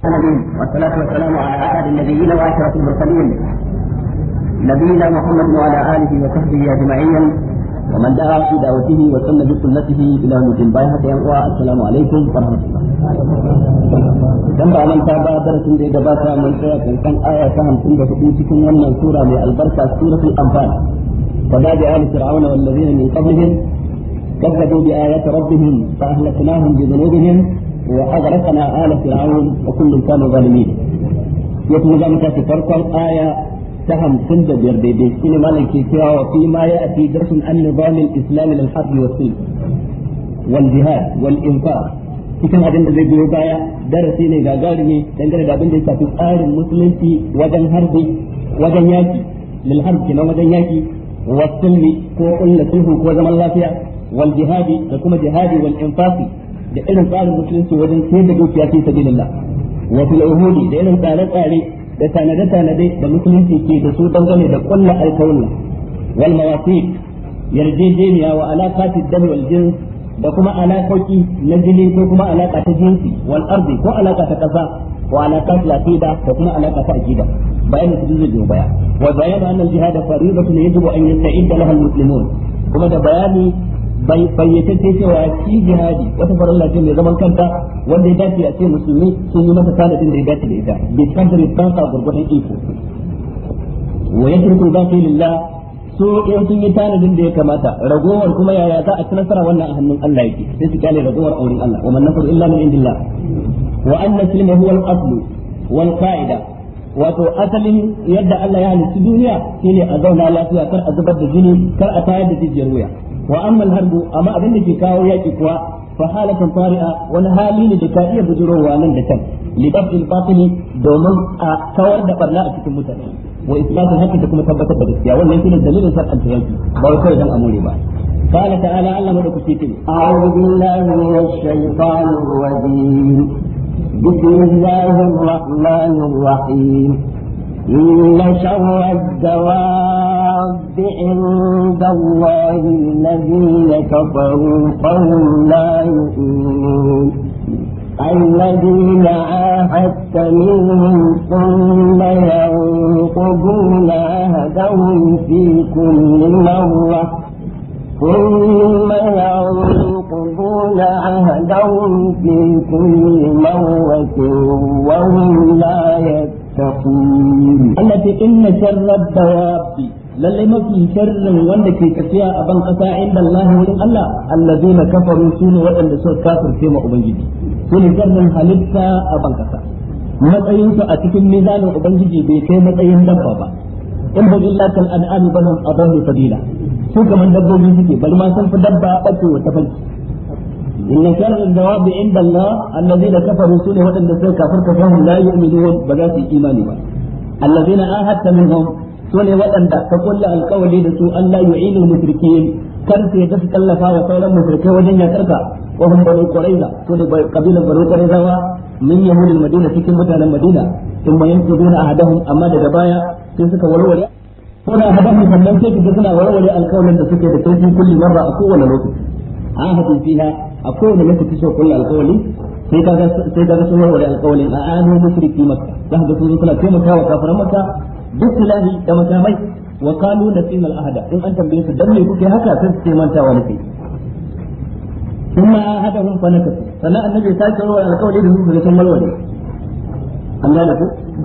محمد والصلاة والسلام على أحد النبيين وأشرف المرسلين نبينا محمد وعلى آله وصحبه أجمعين ومن دعا في دعوته وسن بسنته إلى يوم الدين بايعة السلام عليكم ورحمة الله dan ba بعد ta ba darasin من ya كان آية tsaya سنة aya ta 54 سوره wannan sura mai albarka suratul anfal kada da كذبوا بآيات ربهم فأهلكناهم بذنوبهم وأغرقنا آل فرعون وكل كانوا ظالمين يتم ذلك في فرق آية تهم سند بيرديدي إن مالك وفيما يأتي درس عن نظام الإسلام للحرب والسلم والجهاد والإنفاق cikin abin da zai biyo baya darasi ne ga garimi dangane da abin da ya shafi tsarin musulunci wajen harbi wajen yaki lil harbi na wajen yaki wasulmi ko kullu sulhu ko zaman lafiya wal jihadi da kuma jihadi wal infaqi da irin tsarin musulunci wajen sayar da dukiya fi sabilillah wa fil uhudi da irin tsare-tsare da tanade-tanade da musulunci ke da su dangane da kullu alkawalla wal mawasiq yarjejeniya wa alaqatid dam wal jins da kuma alaƙoƙi na jini ko kuma alaƙa ta jinsi wal arzi ko alaƙa ta ƙasa wa alaƙa ta aqida da kuma alaƙa ta aqida bayan su zai biyo baya wa bayanu anna al-jihad fariidatun yajibu an yasta'idda laha al-muslimun kuma da bayani bayyatacce cewa shi jihadi wata farilla ce mai zaman kanta wanda ya dace a ce musulmi sun yi masa tanadin da ya dace da ita bi kadri tsaka gurgurdan iko wa yatruku zati lillah so in sun yi tanadin da ya kamata ragowar kuma yaya za a ci nasara wannan a hannun Allah yake sai su kyale ragowar auren Allah wa man nasru illa min indillah wa anna silma huwa al-aslu wal qa'ida wato asalin yadda Allah ya halitta duniya shine a zauna lafiya kar a zubar da jini kar a tayar da jijiyar wuya wa amma harbu amma abin da ke kawo yaki kuwa fa halatan tari'a wani hali ne da ka iya bujurowa nan da kan libab al-batili domin a kawar da barna a cikin mutane wa isbatul hakki da kuma tabbatar da gaskiya wannan shine dalilin sarkan yaki ba kai dan amure ba قال تعالى الله ملك سيكين أعوذ بالله من الشيطان الرجيم بسم الله الرحمن الرحيم إن شر الدواب عند الله الذين كفروا فهم لا يؤمنون الذين عاهدت منهم ثم ينقضون عهدهم في كل مرة ثم ينقضون عهدهم في كل مرة وهم لا يدرون المتقين التي إن شر الدواب lallai mafi sharrin wanda ke tafiya a ban kasa inda Allah wurin Allah allazina kafaru sune waɗanda suka kafirce ma ubangiji sune sharrin halitta a ban kasa matsayinsu a cikin mizanin ubangiji bai kai matsayin dabba ba in ba illa kal an'ami balhum adallu sabila su kaman dabbobi suke bal ma san fi dabba bace wa tafanci إن شر الدواب عند الله الذين كفروا سنة وإن سنة كفرت فهم لا يؤمنون بذات إيمان الذين آهدت منهم سنة وإن تقول القول لسوء أن لا يعين المشركين كان في دفك اللفا وطول المشركين وجن يتركا وهم بنو قريظة سنة قبيلة بنو قريظة من يهود المدينة في كمتها المدينة ثم ينقذون أحدهم أما دبايا تنسك ولولي هنا أحدهم فلم تجد سنة ولولي القول لسوء كل مرة أقوى لوكس عاهد فيها a kowane lokaci so kullu alqawli sai kaga sai kaga sun warware alqawlin a anu mushriki makka za ka ga sun suna taimakawa kafiran makka duk silahi da makamai wa qalu nasina al in an tambaye su dan me kuke haka sai su mantawa ne ثم عاهدهم فنكثوا da النبي ساكت هو القول ya في ثم الولي أم ذلك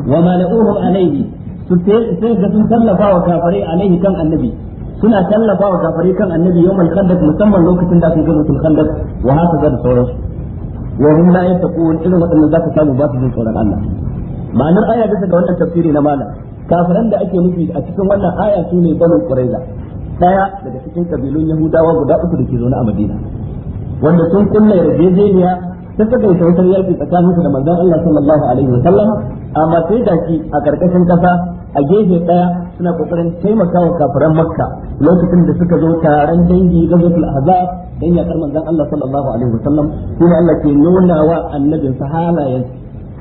وما sai عليه sun tallafa كلفا وكافري عليه kan annabi. suna tallafa wa kan annabi yawmal kandas musamman lokacin da aka gano tul khandaq wa haka da sauransu wa hum la yattaqun irin waɗannan zaka samu ba su jin tsoron Allah ma'anar aya bisa ga wannan tafsiri na mana? kafiran da ake nufi a cikin wannan aya su ne banu quraiza daya daga cikin kabilun yahudawa guda uku da ke zaune a madina wanda sun kulla yarjejeniya ta saka wutar yaki tsakaninsu da manzon Allah sallallahu alaihi wa sallam amma sai da shi a karkashin ƙasa. a gefe ɗaya suna kokarin taimakawa kafiran makka lokacin da suka zo taron dangi ga gazatul ahzab dan ya karman dan Allah sallallahu alaihi wasallam kuma Allah ke nuna wa annabin sa halayen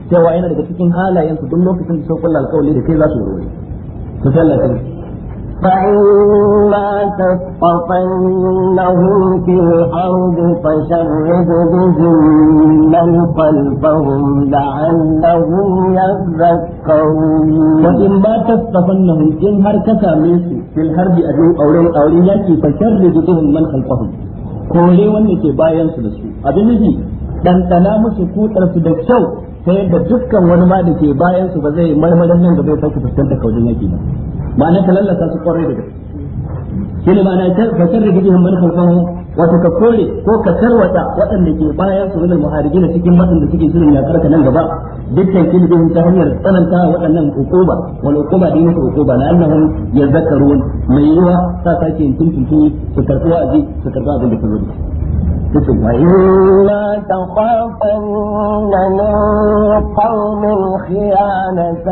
cewa yana daga cikin halayensu su duk lokacin da suka kulla alƙawari da kai za su yi to sallallahu alaihi فإما تثقفنهم في الحرب فشرد بهم من خلفهم لعلهم يذكرون وإما تثقفنهم إن هركك ميسو في الحرب أجو أولين أولياتي فشرد بهم من خلفهم كولي ونكي باين سلسو أبنجي دان تنامس كوتر سدكسو ta yadda dukkan wani ma da ke bayan su ba zai marmarin nan da zai sake fuskantar kaujin yaki ba ma'ana ta lallata su kwarai da gaske ne ba na ka da gidihim man khalfahu wato ka kore ko ka tarwata waɗanda ke bayan su wajen na cikin da suke zirin yakar ka nan gaba dukkan kini gidihim ta hanyar tsananta waɗannan hukuma wal hukuma yi masa hukuma na ya yazakkarun mai yiwa sa sake yin tuntuntu su karɓi wa'azi su karɓi abin da ka zo وإما تخافن من قوم خيانة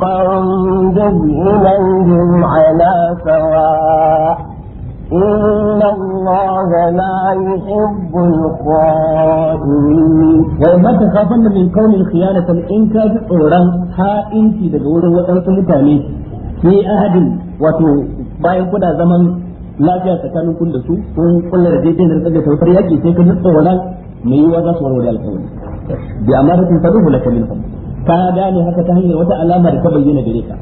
قوم إليهم على سواء إن الله لا يحب الخائنين وإما تخافن من قوم خيانة إن أورا ها خائن في دور وتنسى متاني في أحد وتو باين كنا زمن lafiya tsakanin kun da su kun kullar da dai da tsaga tawfar yaki sai kun nutsa wannan mai yiwa za su warware alƙawari bi amaratin faduhu laka kan ka gane haka ta hanyar wata alama da ta bayyana gare ka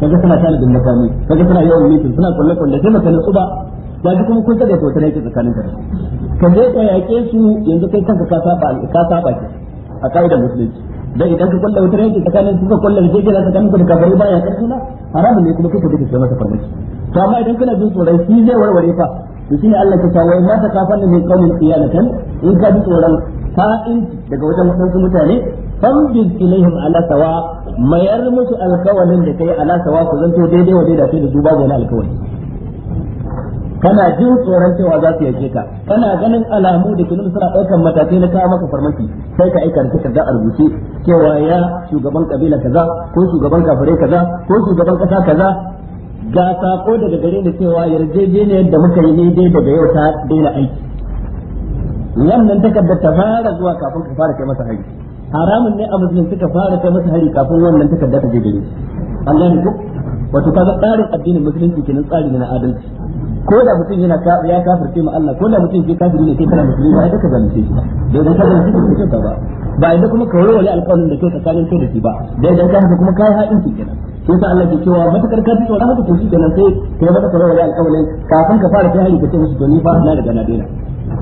kaga suna tana da mutane kaga suna yawan mutum suna kullu kullu sai maka nutsu ba ya ji kuma kun tsaga tawfar yaki tsakanin ka ka je ka yake su yanzu kai kanka ka saba ka saba ki a kaidar musulunci dan idan ka kulla wutar yake tsakanin kuka kulla rike kira tsakanin ku da kafirai baya karfi na haramun ne kuma kuka bi da masa farmaki to amma idan kana jin tsoron shi zai warware fa to shine Allah ke ta wai mata kafan ne kaumin iyalatan in ka ji tsoron fa'in daga wajen wadansu mutane fambin ilaihim ala sawa mayar musu alkawalin da kai ala sawa ku zanto daidai wa daidai da su babu wani alkawali kana jin tsoron cewa za su yake ka kana ganin alamu da kinin suna ɗaukar matakai na kawo maka farmaki sai ka aika takarda a rubuce cewa ya shugaban kabila kaza ko shugaban kafare kaza ko shugaban kasa kaza ga sako daga gare ni cewa yarjejeniyar da muka yi daidai daga yau ta daina aiki wannan takardar ta fara zuwa kafin ka fara kai masa hari haramun ne a musulunci ka fara kai masa hari kafin wannan takardar ta je gare shi Allah ne ku wato kaga tsarin addinin musulunci kenan tsari na adalci ko da mutum yana ka ya kafirce ma Allah ko da mutum ke kafiri ne ke kana musulmi ba ka zalunce shi ba dan ka zalunce shi ba ba ba inda kuma ka wani alƙawarin da kai tsakanin kai da shi ba dai dan ka haka kuma kai haɗin ki kenan sai sa Allah ke cewa matakar ka tsora haka ko shi kenan sai kai ba ka wani alƙawarin kafin ka fara kai hari ka ce musu to ni fa na daga na daina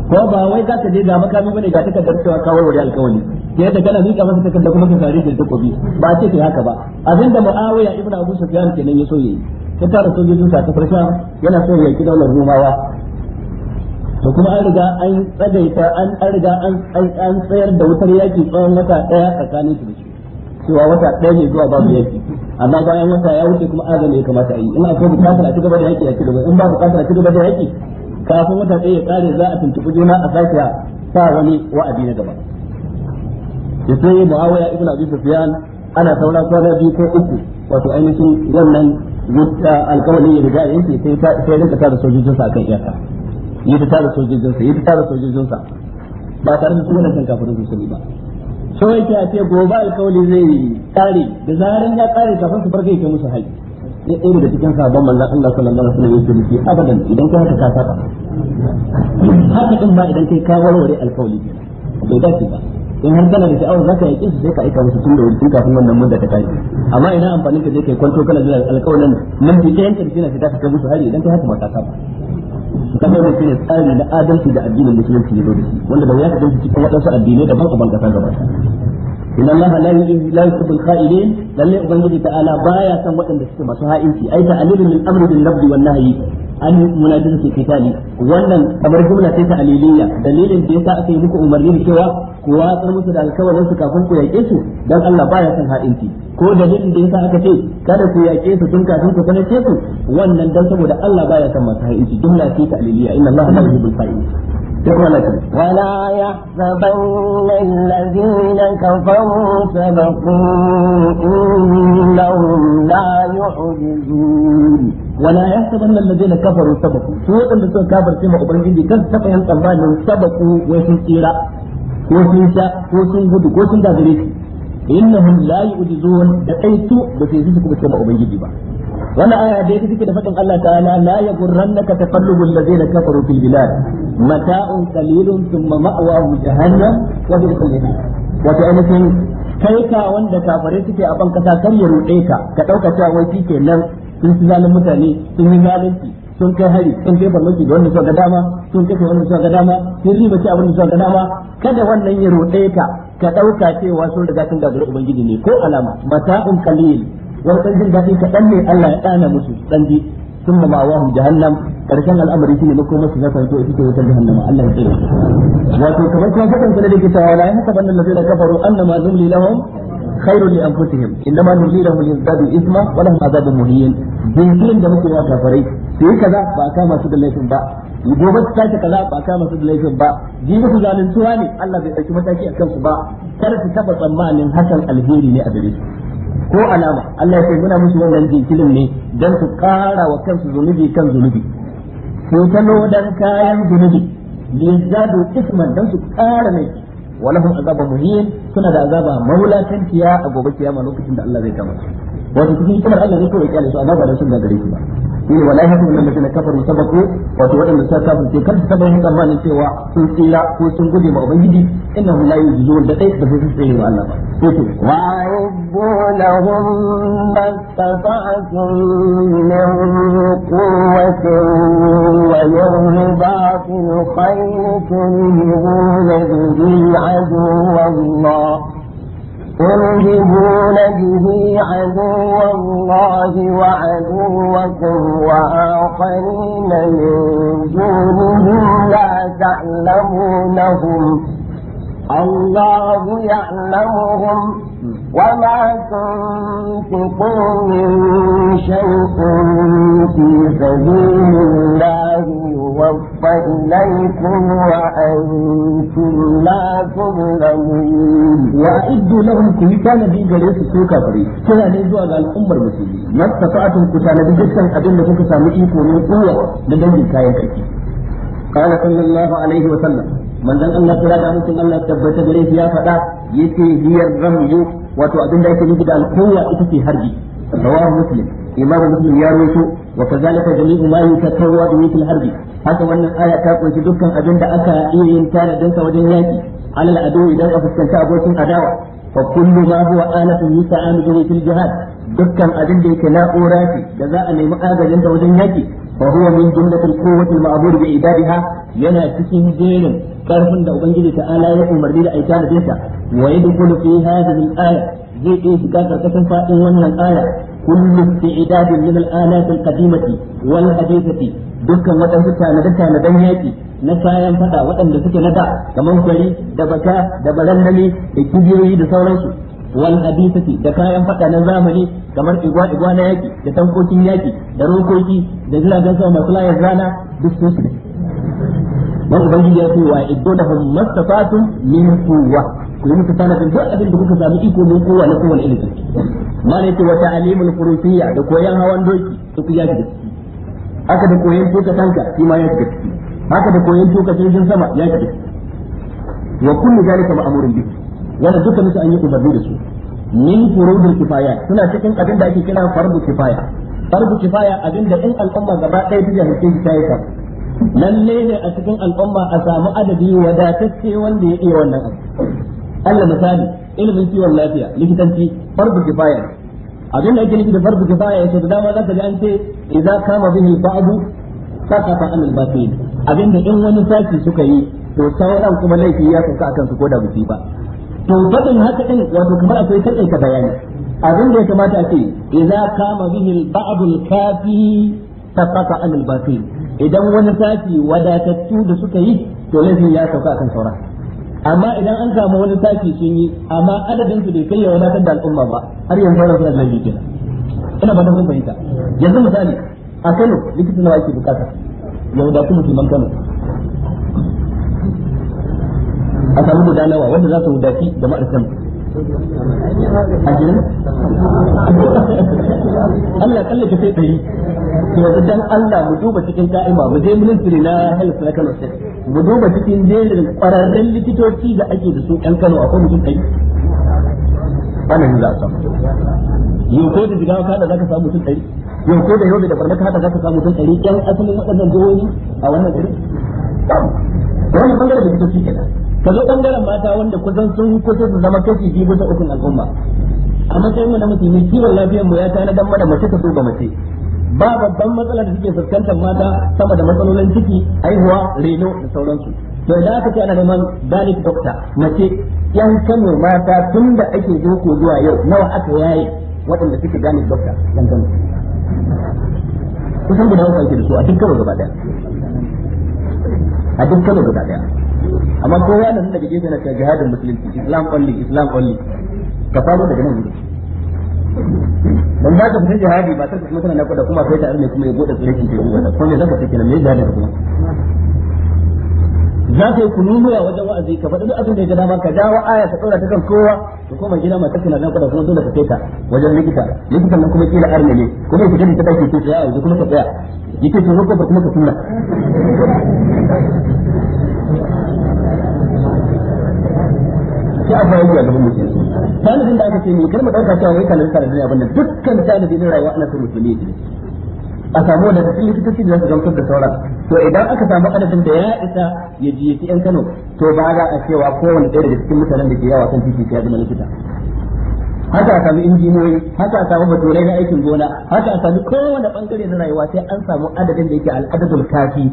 ko ba wai za ka je ga makami bane ga takardar cewa ka warware alkawari ke da kana mika masa takardar kuma ka sare da takobi ba ce ke haka ba abinda Muawiya ibnu Abu Sufyan kenan ya so yayi ya tara sojojin sa ta farsha yana so ya yaki daular rumawa to kuma an riga an tsagaita an an riga an an tsayar da wutar yaki tsawon wata daya tsakanin su da shi cewa wata daya ne zuwa babu yaki amma bayan wata ya wuce kuma azumi ya kamata a yi in akwai bukatar a cigaba da yaki a cigaba in ba bukatar a cigaba da yaki kafin wata daya ya kare za a tuntuɓi juna a sake sa wani wa'adi na gaba da sai muawiya ibn abi sufyan ana saura kwana biyu ko uku wato ainihin wannan alkawalin ya riga yanki sai sai rinka tara sojojinsa kan iyaka yi ta tara sojojinsa yi ta tara sojojinsa ba tare da sunan kan kafirin su ba so yake a ce gobe alkawali zai tare da zaran ya tare kafin su farka yake musu haƙi ya tsere da cikin sabon manzon Allah sallallahu alaihi wasallam yake miki abadan idan kai haka ka saba haka din ba idan kai ka warware alkawali bai dace ba in har kana da sha'awar zaka yi su sai ka aika musu tun da wuri tun kafin wannan mudda ta kai amma ina amfanin ka je kai kwanto kana jira alƙawarin mun ji kayan karshe na fita ka kai musu hari idan kai haka mata ta ka kamar da shine tsari na adalci da addinin musulunci ne dole wanda da ya kaɗan cikin waɗansu addinai ban a ga ba inna allaha la yuhibbu la yuhibbu al-kha'ilin lalle ubangiji ta'ala baya san waɗanda suke masu ha'inci ai ta'alilu min amri bil nabdi wan nahyi an munadin ke kitali wannan kamar gumna ce ta aliliya dalilin da yasa aka yi muku umarni cewa ku watsar musu da alkawarin su kafin ku yaƙe su dan Allah baya san ha'inci ko dalilin da yasa aka ce kada ku yaƙe su tun kafin ku sanar su wannan dan saboda Allah baya san masu ha'inci jumla ce ta aliliya inna allaha la yuhibbul kha'ilin ولا يحسبن الذين كفروا سبقوا إنهم لا يحجزون ولا يحسبن الذين كفروا سبقوا سوء أن تكون كافر كما أبرزين دي كان تفهم تنبان سبقوا وسنسيرا وسنسا وسنجد وسنجد إنهم لا يعجزون دقيتوا بسيزيسكم كما أبرزين دي بقى wannan aya da yake da fadin Allah ta'ala la yaghurrannaka taqallubu allazina kafaru fil bilad mata'un qalilun thumma ma'wahum jahannam wa bi'sal masir wato ainihin kai ka wanda kafare suke a ban kasa kar ya rude ka ka dauka cewa wai shi nan sun ci zalin mutane sun yi zalunci sun kai hari sun kai farmaki da wannan suka ga dama sun kashe wannan suka ga dama sun riba ci abin da suka ga dama kada wannan ya rude ka ka dauka cewa sun riga sun gagara ubangiji ne ko alama mata'un qalil wani ɗan jin daɗi kaɗan ne Allah ya ɗana musu ɗan ji ثم مأواهم جهنم karshen al'amari shine mako masu zaka to ita wutar jahannama Allah ya tsare wato kamar kuma kadan sanar da cewa la yahta banna allazina kafaru annama zumli lahum khairun li anfusihim innama nuzli lahum yazdadu isma wa lahum adabun muhin dinkin da muke wa kafarai yi kaza ba a kama su da laifin ba gobe su tashi kaza ba a kama su da laifin ba jibi su zaluntuwa ne Allah bai dauki mataki akan su ba kar su taba tsammanin hakan alheri ne a gare su ko alama Allah ya ce muna musu wannan jinkirin ne don su kara wa kansu zunubi kan zunubi su tano dan kayan zunubi lizadu isman dan su kara mai walahum azaba muhin suna da azaba mawulatantiya a gobe kiyama lokacin da Allah zai kama su wato cikin kamar Allah ne kawai kyale su amma ba da sun da gare su ba shine wala yahkum min alladhina kafaru sabaqu wato wadanda suka kafirce kar su taba yin tsammanin cewa sun tsira ko sun gode ma ubangiji innahum la yujizun da kai da su tsire wa Allah ba to wa yubbunahum mastata'tum min quwwatin wa yawmi ba'athil khayratin min ghadabin 'adwa Allah تلهبون به عدو الله وعدوكم وآخرين من دونهم لا تعلمونهم الله يعلمهم وما تنفقوا من شيء في سبيل الله يوفى إليكم وأنتم لا تظلمون وأعدوا لهم كان في جريس سوكا فري كنا نزوى على الأمة المسلمين ما استطعتم كتانا بجسا أبين لكم سامئيكم من قوة لدن كاين قال صلى الله عليه وسلم من ذن الله تعالى ممكن أن تبت يا فتاة يتي هي الرمي wato abin da yake nufi da alquwa ita ce harbi rawahu muslim imamu muslim ya rawaito wa kazalika jami'u ma yutawwa bihi fil harbi haka wannan aya ta kunshi dukkan abin da aka iya yin tanadin sa wajen yaki alal adu idan a fuskanta abokin adawa fa kullu ma huwa alatu yusa'anu bihi fil jihad dukkan abin da yake na'ura ce da za a nemi agajin da wajen yaki فهو من kowace القوة المأمور بإيجادها yana cikin jerin karfin da ubangiji ta'ala ya umarni da aika da sa wa yadkhulu fi hadhihi al-aya zai iya shiga karkashin fadin wannan aya kullu isti'dad min al-alat al-qadimati wal hadithati dukkan wadansu tanade tanadan yaki na kayan fada waɗanda suke nada kamar kwari da baka da barandami da kibiyoyi da sauransu wal hadithati da kayan fada na zamani kamar igwa igwa na yaki da tankokin yaki da rokoki da jiragen sama masu layar rana duk su su dan ubangiji ya ce wa iddo da hum mastafatun min quwwa ku yi musu sanadin duk abin da kuka samu iko min kowa na kowane ilimi ma ne ce wa ta'alimul furusiyya da koyan hawan doki duk ya da ciki haka da koyan tuka tanka shi ma ya da ciki haka da koyan tuka jirgin sama ya da ciki wa kullu zalika ma'murun bihi wanda duka su an yi umarni da su min furudul kifaya suna cikin abin da ake kira farbu kifaya farbu kifaya abin da in al'umma gaba ɗaya ta jahilce shi ta yi lalle ne a cikin al'umma a samu adadi wadatacce wanda ya iya wannan abu Allah misali ilimin kiwon lafiya likitanci farbu kifaya abin da ake nufi da farbu kifaya yake da dama za ka ji an ce idza kama bihi ba'du saqata an al-batil abin da in wani sashi suka yi to sauran kuma laifi ya sauka akan su ko da ba to fadin haka din wato kamar akwai karkaita bayani abin da ya kamata a ce idza kama bihi al-ba'd al-kafi taqata an al-batil idan wani sashi wadatattu da suka yi to laifin ya sauka akan sauran amma idan an samu wani sashi sun yi amma adadin su bai kai ya wadatar da al'umma ba har yanzu sauran suna zai kenan ina ba da mun fahimta yanzu misali a Kano likita nawa yake bukata ya wadatu musulman Kano a samu mudanawa wanda za su mudafi da ma'aikatan. ma'arkan ajin Allah kalla ka sai dari yanzu dan Allah mu duba cikin ka'ima mu je ministry na health na Kano State mu duba cikin jerin kwararren likitoci da ake da su ɗan Kano a akwai mutum ɗari wannan za a samu yau ko da jigawa kada zaka samu mutum ɗari yau ko da yau da barna kada zaka samu mutum ɗari yan asalin waɗannan jihohi a wannan gari wannan bangaren da likitoci kenan ka dangaren bangaren mata wanda kusan sun kusa su zama kashi biyu bisa ukun al'umma a matsayin mu na musulmi kiwon lafiyar mu ya tana dan mana mace ta so ga mace ba babban matsala da suke fuskantar mata sama da matsalolin ciki haihuwa reno da sauransu to idan aka ce ana neman galik dokta mace yan kano mata tun da ake doko zuwa yau nawa aka yaye waɗanda suke galik dokta yan kano kusan guda uku ake da su a duk kano gaba daya a duk kano gaba daya amma ko ya nan daga gefe na jihadin musulunci islam only islam only ka faro daga nan gudu dan ba ka fitin jihadi ba sai kuma na kuda kuma sai ta arne kuma ya bude tsirkin ke ko da kuma zaka take nan me jihadi ka kuma za ka yi kununuwa wajen wa'azi ka faɗi duk abin da ya ga dama ka dawo aya ka tsora ta kan kowa ka koma gida mai tafi nan kuda kuma dole ka kai ta wajen likita likitan nan kuma kila arne ne kuma ya fitin ta take ce tsaya a kuma ka tsaya yake to ko kuma ka tuna kafa da tanadin da aka ce mai kalmar dauka cewa wai tanadin tanadin ne abin da dukkan tanadin na rayuwa ana son ne a samu cikin likitoci da za su gamsar da sauran to idan aka samu adadin da ya isa ya ji yan Kano to ba za a cewa kowanne ɗaya daga cikin mutanen da ke yawa kan titi ya zama likita haka a samu injiniyoyi haka a samu baturai na aikin gona haka a samu kowane bangare na rayuwa sai an samu adadin da yake al'adadul kafi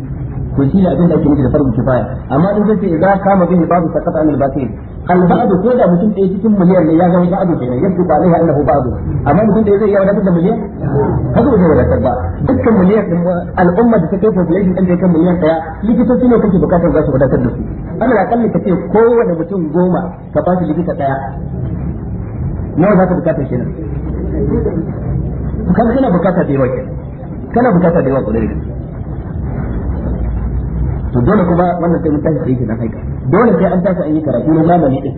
to shi ne abin da ake nufi da farbu kifaya amma in kace idza kama bihi babu saqata anil batil al ba'd ko da mutum ɗaya cikin miliyan ne ya zama ba'd kenan yadda ba alaiha annahu ba'd amma mutum da zai iya wadatar da miliyan haka ba zai wadatar ba dukkan miliyan din al'umma da ta kai population din da kan miliyan ɗaya likitoci ne kake bukatar za su wadatar da su Allah ya kalli kace kowane mutum goma ka ba shi likita ɗaya nawa za ka bukata kenan kan kana bukata da yawa kenan kana bukata da yawa kullum to dole kuma wannan sai mun tashi sai kenan haika dole sai an tashi a yi karatu na zamani din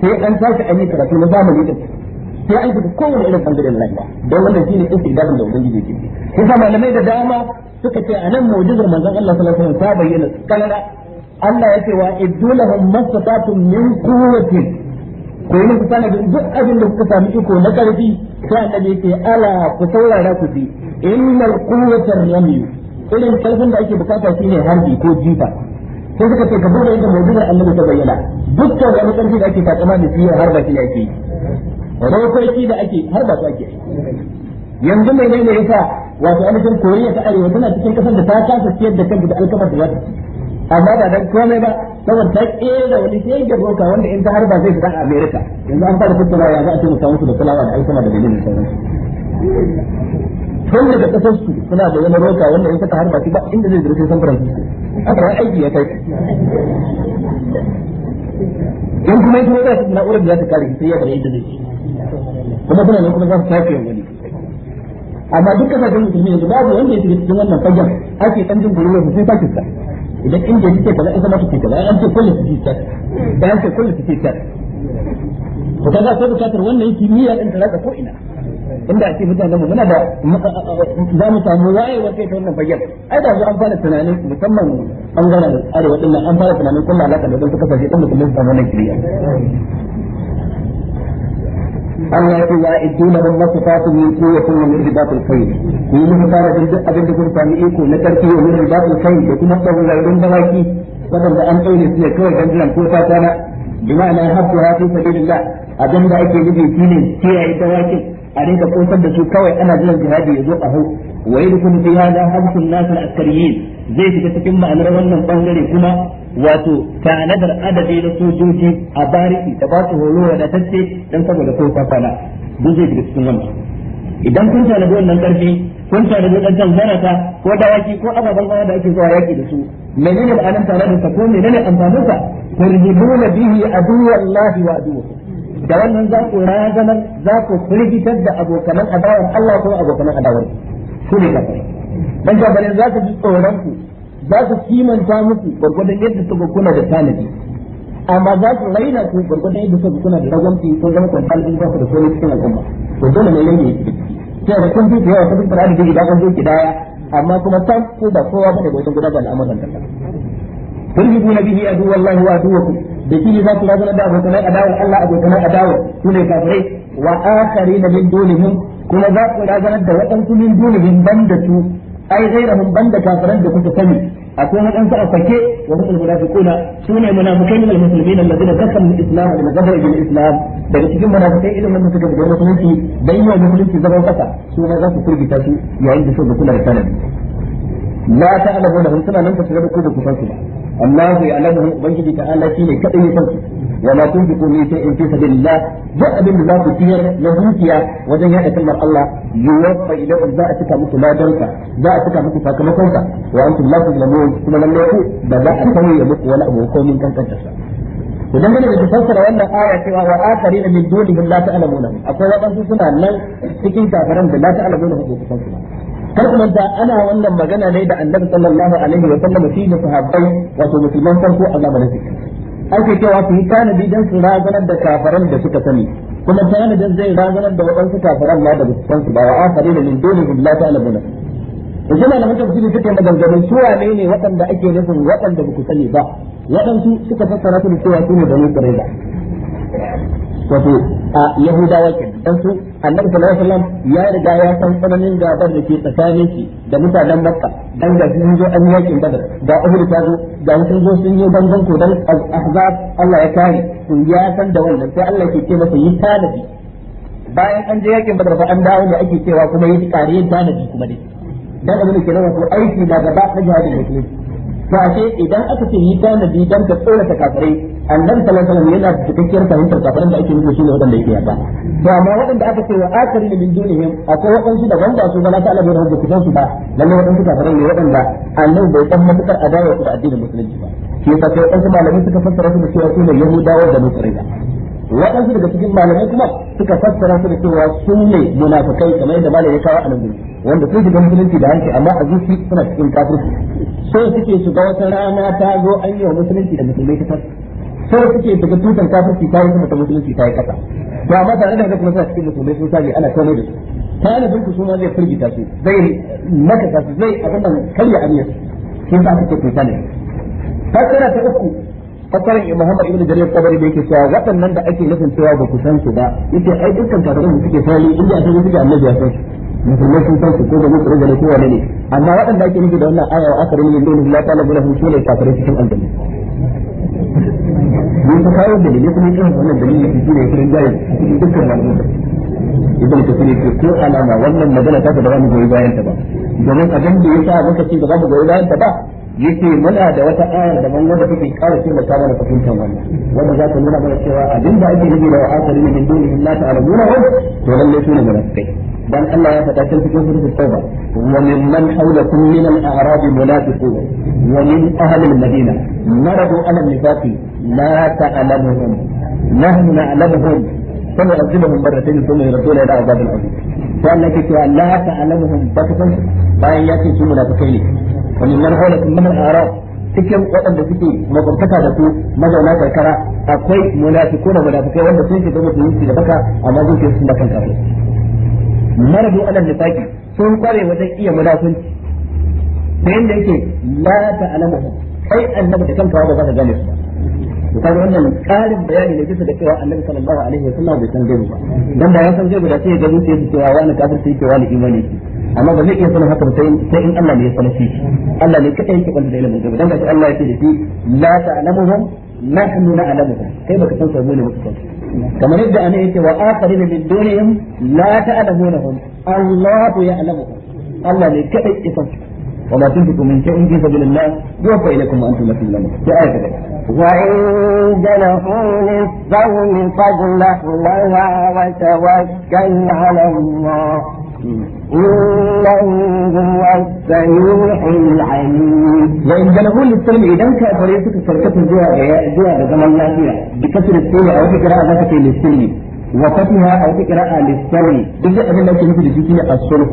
sai an tashi a yi karatu na zamani din sai an shiga kowane irin bangare na rayuwa don wannan shine istidadin da ubangiji yake kusa malamai da dama suka ce a nan mu'jizar manzon Allah sallallahu alaihi wasallam ta bayyana kalala Allah ya ce wa idulahum mastata'tum min quwwatin ko yin ku sana duk abin da kuka sami iko na karfi sai annabi yake ala ku saurara ku bi innal quwwata rami irin karfin da ake bukata shine harbi ko jifa sai suka ce ka duba yadda mawdu'ar annabi ta bayyana dukkan wani karfi da ake takama da shi harba shi ake rokoki da ake harba su ake yanzu mai ne yasa wato alifin koriya ta arewa tana cikin kasar da ta kasa siyar da kanta da alkamar da za amma ba dan komai ba saboda ta kera wani ga roka wanda in ta harba zai fita a america yanzu an fara ba ya za a ce mu kawo su da kulawa da alkama da dalilin sauransu tun daga kasar su suna da wani roka wanda in suka harba shi ba inda zai zurfi san faransa haka wani aiki ya kai yan kuma yi wata ta na'urar da za ta kare sai ya bari inda zai kuma suna nan kuma za su tafiya wani amma duk kasashen musulmi yanzu babu wanda ya shiga cikin wannan fagen ake kan jin gurin wasu sai pakistan idan inda ya ce kaza isa ma take kaza an ce kullum su ke ta ba an ce kullum su ke ta ko kaga sai bukatar wannan yake niyya din ta ko ina inda a ce mutanen mu muna da za mu samu wayewar kai ta wannan fagen ai da an fara tunanin musamman an da arewa wa nan an fara tunanin kullum alaka da su shi din mutum su samu wannan kiriya an ya ce ya iddu na ban masu fatu min kowatin wani ribatul kai ku yi musu fara duk abin da kun sami iko na karfi wa min ribatul kai da kuma tsawon rarrun dawaki waɗanda an ɗaure su ne kawai don jiran ko ta tana bima'ana hafuwa fi da abin da ake shi ne kiyaye dawakin a rinka kosar da su kawai ana jiran jihadi ya zo a hau wa yadkhulu fi hada habsun nas al-askariyin zai shiga cikin ma'anar wannan bangare kuma wato tanadar adadi na sojoji a bariki da ba su horo wadatacce dan saboda ko kafana duk zai shiga cikin wannan idan kun tanadi wannan karfi kun tanadi wadannan zarata ko dawaki ko ababen hawa da ake zuwa yaki da su menene ma'anar tanadar sa ko menene amfanin sa tarjibuna bihi aduwallahi wa aduwakum da wannan za ku zaman za ku firgitar da abokanan adawar Allah ko abokanan adawar su ne kafirai dan kafirai za ku ji tsoron ku za ku kimanta muku gurgurdan yadda suka kuna da tanadi amma za ku raina ku gurgurdan yadda suka kuna da ragwanci ko zama ku in ba ku da komai cikin al'umma to dole ne ne sai da kun fi yawa kun fara da gidi da kun zo kidaya amma kuma san ku ba kowa bane wajen gudanar da al'amuran da Allah turhibuna bihi adu wallahi wa aduwakum da shi ne za su rabu da abokanai adawa Allah abokanai adawa su ne kafirai wa na min dunihim kuma za ku razanar da waɗansu min dunihim da su ai ghairahum banda kafiran da kuka sani akwai waɗansu a sake wa hukul munafiquna sune munafikai min almuslimin na kafaru bil islam wa kafaru bil islam daga cikin munafikai irin wannan suka da musulunci dan yawa musulunci zaman kasa su ma za su furgita su yayin da su da kula da sanan la ta'lamu lahum suna nan ka shiga da ku da kusan su ba Allahu ya alamu ubangiji ta Allah shine kadai ya sauki wa ma tunfiqu min shay'in fi sabilillah duk abin da za ku tiyar na dukiya wajen Allah yuwaffa a cika muku a cika muku da a sauya muku da fassara wannan aya cewa wa akharina min dunihim la akwai wadansu suna nan cikin kafiran da la ta'lamuna ko kusan su kar kuma da ana wannan magana ne da annabi sallallahu alaihi wa sallam shi da sahabbai wato musulman farko a zamanin su ake cewa su yi tanadi dan su razanar da kafaran da suka sani kuma tanadin zai razanar da waɗansu kafaran ma da su san ba wa akari da min dole billahi na buna da jima da mutum suke suke maganganun su wane ne waɗanda ake nufin waɗanda ba ku sani ba waɗansu suka fassara su da cewa su ne da mu ba wato a yahudawa ke dan su annabi sallallahu alaihi wasallam ya riga ya san tsananin gabar da ke tsakanin shi da mutanen makka dan ga sun zo an yakin badar ga uhud ta zo ga sun zo sun yi banzan ko dan ahzab Allah ya kare sun ya san da wannan sai Allah ke ce masa yi tanadi bayan an je yakin badar ba an dawo da ake cewa kuma yi kare tanadi kuma dai dan abin da ke nan ko aiki na gaba da jihadin musulunci bashe idan aka ce yi tanadi dan ka tsora ta kafare annabi sallallahu alaihi wasallam yana da cikakkiyar fahimtar kafirin da ake nufi shine wadanda yake yaka to amma wadanda aka ce wa akari min dunihim akwai wadansu da wanda su ba ta Allah bai rubuta kusan su ba lalle wadansu kafirai ne wadanda annabi bai san matukar adawa da addinin musulunci ba shi yasa sai wadansu malamai suka fassara su da cewa su ne yahudawa da musulunci waɗansu daga cikin malamai kuma suka fassara su da cewa sun ne munafikai kamar yadda malamai kawo a nan wanda sun shiga musulunci da hanci amma a zuci suna cikin kafirci so suke shiga wata rana ta zo an yi wa musulunci da musulmai ta so suke daga tutan kafirci ta yi sama ta musulunci ta yi kasa to amma tare da haka kuma suna cikin musulmai sun sami ana kano da su ta talibin ku suna zai firgita su zai nakasa su zai abin nan karya aniyar sun sa suke tutan ne fassara ta uku fasarin Muhammad ibn Jarir Tabari da yake cewa waɗannan da ake nufin cewa ba ku san su ba yace ai dukkan kafirin da suke fali inda ta suke annabi ya san su musulmai sun san su ko da musu da ko wane ne amma waɗanda ake nufi da wannan aya wa akarin min dole la ta'ala bi lahum sunay kafirin cikin aljanna mun ta kawo da ne kuma kan wannan dalili shi ne kiran jayi cikin dukkan malamai ibn kasir yake ko alama wannan magana ta da wani goyi bayan ta ba domin abin da yasa muka ce da babu goyi bayan ta ba yake muna da wata ayar da wanda take ƙara taimaka mana fahimtar wannan wanda za ta nuna mana cewa abin da ake nufi da wa asali ne min dole illa ta alamuna wa to lalle su ne munafikai dan Allah ya faɗa cikin cikin surat tauba wa mimman hawlakum min al-a'rab munafiqun wa min ahli al-madina maradu ala an-nifaqi la ta'lamuhum nahnu na'lamuhum ثم يعذبهم مرتين ثم يردون الى عذاب العظيم. فان لك لا تعلمهم فتكن باين ياتي في منافقين وممن حولكم من الأعراب cikin waɗanda suke makwabtaka da su mazauna karkara akwai munafiko da munafikai wanda sun shiga musulunci da baka amma zuciyarsu sun bakan kafin maradu alal nifaqi sun kware wajen iya munafunci da yanda yake la ta'lamu kai annabi da kanka ba za ka gane su ba kaga wannan karin bayani ne bisa da cewa annabi sallallahu alaihi wasallam bai san gaibu ba dan da ya san gaibu da sai ya sai zuciyarsa cewa wani kafirci yake wani imani yake amma ba zai iya sanin haka sai sai in Allah ne ya sanar shi Allah ne kadai yake kwanta da ilimin gaba dan gashi Allah yake da shi la ta'lamuhum nahnu na'lamuhum kai baka san sai ne muka kamar yadda ana yake wa akharin min dunihim la ta'lamunhum Allah ya'lamuhum Allah ne kadai yake san وما تنفقوا من شيء في سبيل الله يوفى اليكم وانتم لا تظلمون في آية كذلك وإن جنحوا للصوم فاجنح لها وتوكل على الله إنه هو السميع العليم وإن جنبوا للسلم إذا كان فريسك شركة زوا بزمن لافية بكسر السين أو بقراءة ذاتك a وفتها أو بقراءة للسلم إذا أمن لك نفسي لجيكي الصلح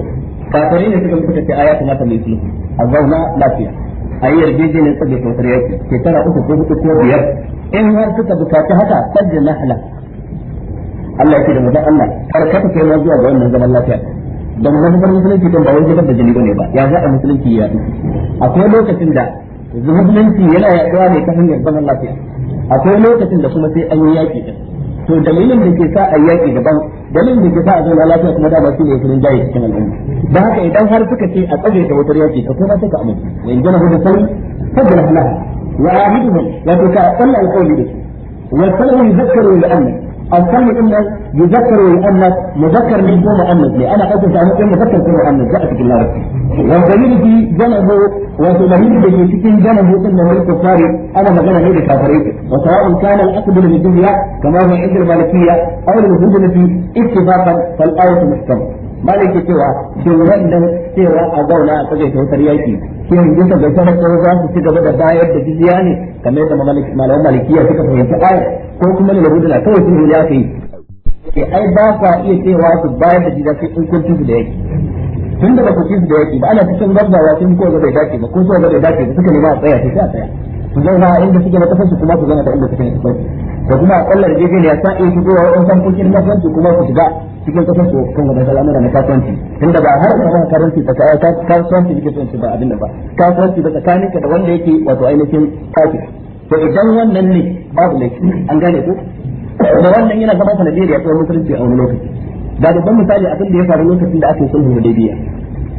kafirai ne suka fita ce aya kamata mai sulhu a zauna lafiya a yi yarjejeniyar tsaye kyautar yaki shekara uku ko hudu ko biyar in har suka bukaci haka sajjin lahala. Allah ya ce da mazan Allah karkata kai zuwa ga wannan zaman lafiya da manufar musulunci din ba wai zubar da jini bane ba ya zaɓa musulunci ya akwai lokacin da musulunci yana yaɗuwa ne ta hanyar Allah lafiya akwai lokacin da kuma sai an yi yaƙi din to dalilin da ke sa a yaƙi daban dalilin da ke sa a zauna lafiya kuma dama shi ne musulun jaye cikin al'umma da haka idan har suka ce a tsare da wutar yaƙi ka kuma suka ka amince wa in jana hudu sai fadda halaha wa ahiduhum wato ka a tsallan da su wa sallu yuzakkaru li annabi الثاني انك يذكر ويؤنث مذكر من دون مؤنث ليه انا قصدي انا ايه مذكر دون مؤنث جاءتك الله ربي والدليل في جنبه والدليل في cikin جنبه انه الكفار انا ما جنبه ليه كافرين وسواء كان الأصل للدنيا كما هو عند المالكيه او للهدنة في اتفاقا فالايه محتمل malai ke cewa shin da cewa a zauna a tsagai kyautar yaki shin bisa ga ko za su ci gaba da bayar da jizya ne kamar yadda malaman malikiya suka fahimci ayar ko kuma da rubutu na kawai sun ka yi ke ai ba sa iya cewa su bayar da jizya sai in kun ci da yaki tun da ba ku ci da yaki ba ana cikin gaggawa sun ko ga bai dace ba ko so ga bai dace ba suka nema a tsaya sai a tsaya su zauna inda suke na kasar su kuma su zauna ta inda suke na kasar da kuma a kwallar jefe ne ya sa iya shigowa wa'in san kukin su kuma su shiga cikin kasar su kan wadansu al'amura na kasuwanci tunda ba har ba karanci da kasuwanci yake son ba abin da ba kasuwanci da tsakaninka da wanda yake wato ainihin kafi to idan wannan ne babu laifi an gane ko da wannan yana zama sanadiyar ya tsawon musulunci a wani lokaci da babban misali abin da ya faru lokacin da aka yi da hudaybiya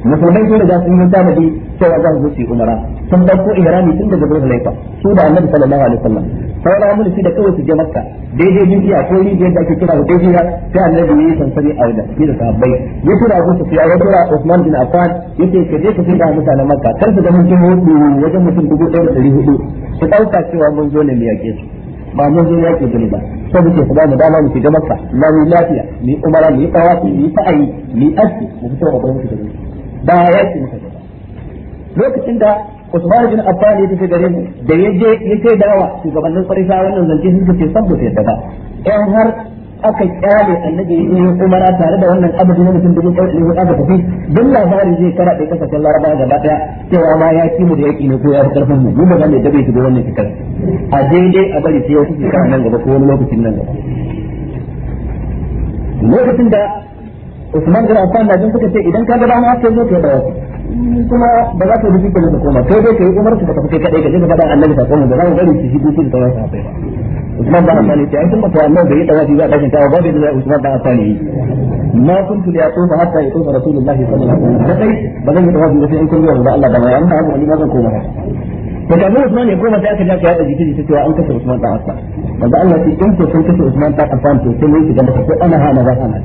musulmai sun riga sun yi tanadi cewa za su zo umara sun dauko ihrami tun da zuwa laifa su da annabi sallallahu alaihi wasallam saura mulki da kawai su je makka daidai iya ko ni da ake kira da jira sai annabi ya sansani a wajen shi da sahabbai ya tura ku su ya tura Uthman bin Affan yake ke je ka fita mutanen makka kar su ga mun kin hudu wajen mutum dubu 1400 da su ɗauka cewa mun zo ne mu yake su ba mun zo yake su ba sai muke su ba mu dama mu shiga makka na mu lafiya ni umara ni tawafi ni ta'ayi ni aski mu fito da gurin su da ba yaƙi muka lokacin da Usman bin Affan ya tafi gare mu da ya je ya ce dawa shugabannin Quraysh wannan zance sun ce san ba yadda ba in har aka kyale annabi ya yi umara tare da wannan abadi na mutum dubu ɗaya ne aka tafi duk labarin zai kara kasa kasashen laraba gaba daya cewa ma ya kimu da yaƙi ne ko ya fi ƙarfin mu mun ba za mu yadda bai shiga wannan shekar a daidai a bari sai ya fi shekara nan gaba ko wani lokacin nan gaba lokacin da Usman bin Affan na jin suka ce idan ka ga dama sai zo ka yi dawa kuma ba za ka yi bikin da koma kai dai kai umar ka tafi kai kadai ka je ka faɗa annabi ta koma da za mu bari shi shi shi da sauran sahabbai Usman ba amfani ce ai tun mata annabi bai dawa shi ba dakin tawa babu da Usman ba amfani ma kuntu ya tsofa hatta ya tsofa rasulullahi sallallahu alaihi wasallam da kai ba zan yi dawa ba sai in kun yi wa Allah da mai amma abu ne ma zan koma da damu Usman ya koma sai aka ja ka yada ta jita cewa an kashe Usman dan Affan wanda Allah ya in ko sun kashe Usman dan Affan to sai mun shiga maka ko ana hana ba hana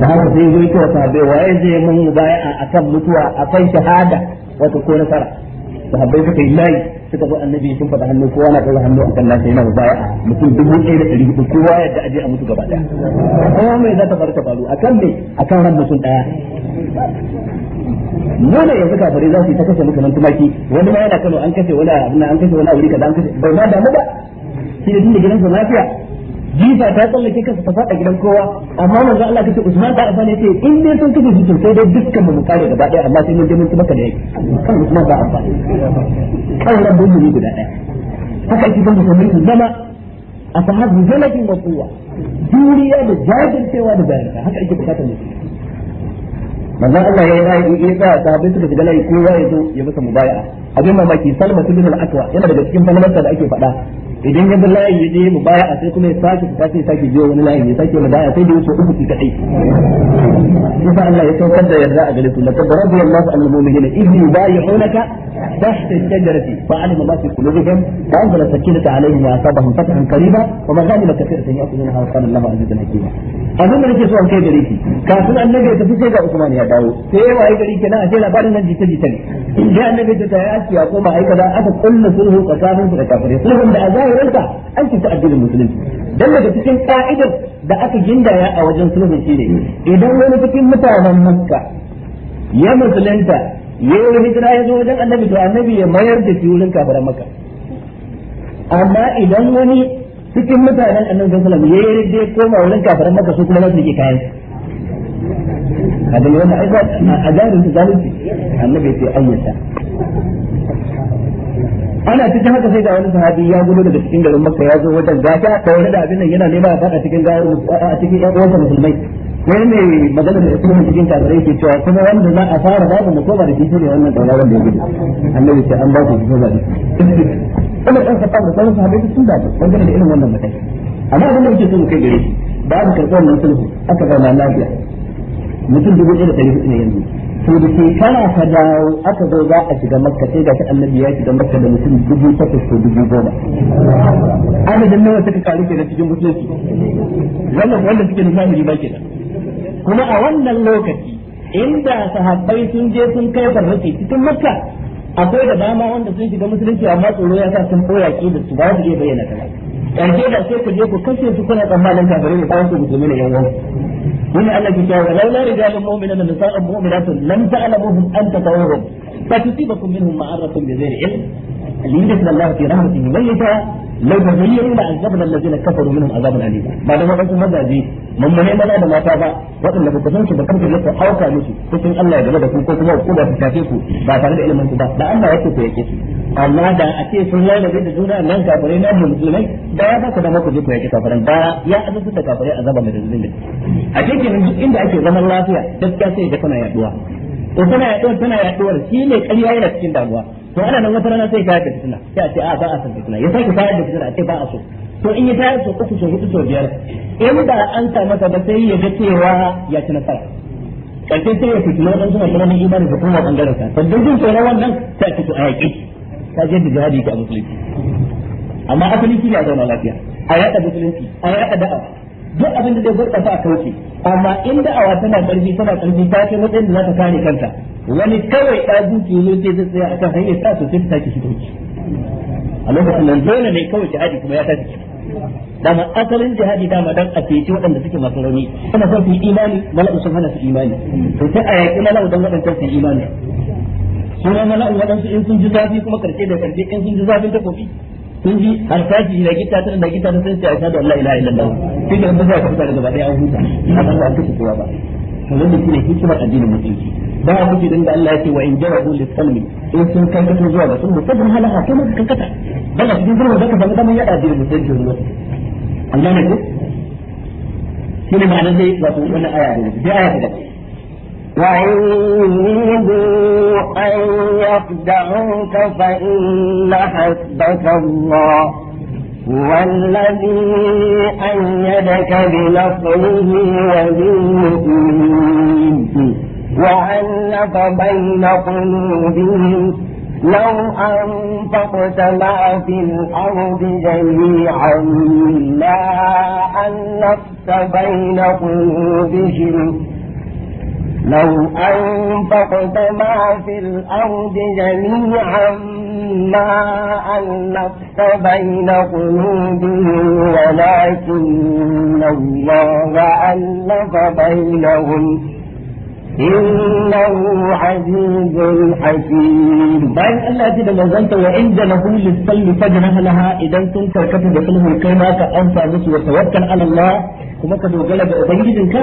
da haka sai zai ce wata bai waye zai mun mubaya'a akan mutuwa akan shahada wato ko nasara sahabbai suka yi layi suka zo annabi sun faɗa hannu kowa na ɗaga hannu a kan nasa yana baya mutum dubu ɗaya da ɗari hudu kowa yadda aje a mutu gaba ɗaya kowa mai za ta faru ta faru akan me akan ran mutum ɗaya nuna yanzu kafirai za su yi ta kashe mutanen tumaki wani ma yana kano an kashe wani abin an kashe wani aure kaza an kashe bai ma damu ba shi da dinda gidansa lafiya jifa ta tsallake kansa ta faɗa gidan kowa amma manzo Allah kace Usman da Affan yace in dai sun kace jikin sai dai dukkan mu kare gaba ɗaya amma sai mun je mun ci maka da yake kan Usman da Affan kan rabbun mu guda ɗaya. haka ake son musulmi zama a sahabu zalakin wa quwwa juriya da jajircewa da bayanta haka ake bukatar mutum manzon Allah ya yi ya sa sahabbai suka shiga layi kowa ya zo ya musu mubaya'a abin mamaki salma bin al-atwa yana daga cikin salmarsa da ake faɗa idan ya bi layin ya mu baya a sai kuma ya sake fita sai sake biyo wani layin ya sake mu baya sai da yake uku ki kadai yasa Allah ya saukar da yarda a gare su laqad radiyallahu anil mu'minina idh yubayyi'unaka tahta ash-shajarati fa alima ma fi qulubihim fa anzala sakinata alaihim wa asabahum fathan qariba wa maghanim kathiratan ya'khudunha wa qala Allahu azizun hakima abin da nake so an kai gare ki kafin annabi ya tafi sai ga Usman ya dawo sai ya waye gari kenan a ce labarin nan jita jita ne sai annabi ta ya yafiya ko ba ai kaza aka kulla sulhu tsakanin su da kafirai sulhun da a zahirin sa an ci addinin musulunci dan daga cikin ka'idar da aka gindaya a wajen sulhun shine idan wani cikin mutanen Makka ya musulunta ya yi hijira ya zo wajen annabi to annabi ya mayar da shi wurin kafiran Makka amma idan wani cikin mutanen annabi sallallahu alaihi wasallam ya yi koma wurin kafiran Makka su kuma za su yi kayan هذا اللي وانا عايز اجاري انت ذلك النبي في اي ساعه ana cikin haka sai ga wani sahabi ya gudu daga cikin garin Makka ya zo wajen gata wani da abin nan yana nema ya fada cikin gawar a cikin ƴan uwansa musulmai wani ne magana da kuma cikin kafirai ke cewa kuma wanda za a fara babu mu koma da kishi ne wannan tauraron wanda ya gudu annabi sai an ba ku kishi ba kuma dan sa da sauran sahabi su sun dace wanda da irin wannan mataki amma abin da yake so mu kai gare shi babu karɓar nan sulhu aka zauna lafiya mutum dubu ɗaya da ɗari hudu ne yanzu to da shekara ta dawo aka zo za a shiga makka sai ta annabi ya shiga makka da mutum dubu takwas ko dubu goma adadin nawa suka kare ke na cikin musulunci wannan wanda suke nuna mu ba kenan kuma a wannan lokaci inda sahabbai sun je sun kai farmaki cikin makka akwai da dama wanda sun shiga musulunci amma tsoro ya sa sun boya ke da su ba su iya bayyana talaka ƙarshe da sai ku je ku kashe su kuna tsammanin kafirai ne kawai ku musulmi ne yan uwan wani Allah ke cewa da rijalun mu'minun da nisa'un mu'minatun lam ta'lamuhum an tatawahum فتصيبكم منهم معرة بغير علم اللي ليدخل الله في رحمة من لو تغير إلا عذبنا الذين كفروا منهم عذابا أليما بعد ما قلت ماذا دي من من يمنع ما تابع وقل لك لم بكم في لك حوكا مشي فكين الله يجب لكم كوكما في تكافيكم بعد ذلك إلى من تبع لا أما يكتب يكتب amma da a ce sun lalace da juna nan kafirai nan da musulmai da ya baka da muku je ku yake kafirai da ya azuzu da kafirai azaba mai da zulmi a cikin duk inda ake zaman lafiya gaskiya to tana yaduwar tana yaduwar shi ne ƙarya yana cikin damuwa to ana nan wata rana sai ta yadda fitina sai a ce a ba a san fitina ya sake tayar da fitina a ce ba a so to in ya tayar so uku so hudu so biyar in ba an sa masa ba sai ya ga cewa ya ci nasara karshe sai ya fitina wajen suna kuma na imani da kuma bangaren sa sabbin jin tsoron wannan sai ce to a yaƙi ta je da jihadi ta musulunci amma asali shi ne a zauna lafiya a yaɗa musulunci a yaɗa da'awa duk abin da zai gurɓa a kauce amma in awa tana ƙarfi tana ƙarfi ta ce matsayin da za ta kare kanta wani kawai ɗa zuciya zo ce zai tsaya akan hanyar ta sosai ta take shi kauce a lokacin nan dole ne kawai jihadi kuma ya tashi dama asalin jihadi dama dan a ceci waɗanda suke masu rauni ana son su yi imani mala'u sun hana su imani to sai a yaƙi mala'u dan waɗancan su yi imani sunan mala'u waɗansu in sun ji zafi kuma karshe da karshe in sun ji zafin takobi kun ji alfaji na gita tana da gita sun ce ashhadu an la ilaha illallah sai da ba za kafa da gaba ɗaya an huta a da ba ku kowa ba to nan shine hikimar addinin musulunci ba a kuke da Allah ya ce wa in jarabu lil salmi in sun kankato zuwa ga sunna sabon halaka to maka kankata ba balla cikin zuwa da ka samu daman yada addinin musulunci zuwa Allah ne ko ne ma'anar zai wato wannan aya ne da aya ta وإن يريدوا أن يخدعوك فإن حسبك الله هو الذي أيدك بنصره وبالمؤمنين وألف بين قلوبهم لو أنفقت ما في الأرض جميعا ما ألفت بين قلوبهم لو أنفقت ما في الأرض جميعا ما ألفت بين قلوبهم ولكن الله ألف بينهم إنه عزيز حكيم بعد أن أتي مزلت وعند له للسل فجنه لها إذا كنت كتب بسنه القيمة كأنفى مس وتوكل على الله وما كدو قلب أبنجدك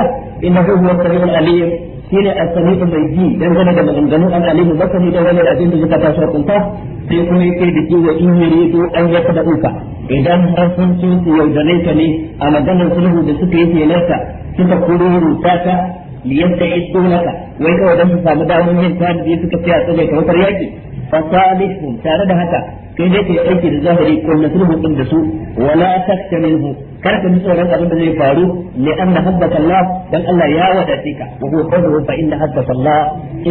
إنه هو السميع العليم shine as da mai ji dangane da maganganun al-alimu basari dangane da abin da suka tashi kunta sai kuma yake da ki wa in ko an ya uka idan har sun sun yaudare ka ne a maganar sulhu da suka yi kelanka suka kururu ta liyanta iddu naka wai kawai dan su samu damar yin tanadi suka tsaya tsare ta wutar yaki fasalihum tare da haka kai dai kai aiki da zahiri ko nasruhu din da su wala taktamilhu kar ka tsoron abin da zai faru li anna habbata Allah dan Allah ya wadace ka wa huwa qawluhu fa inna habbata Allah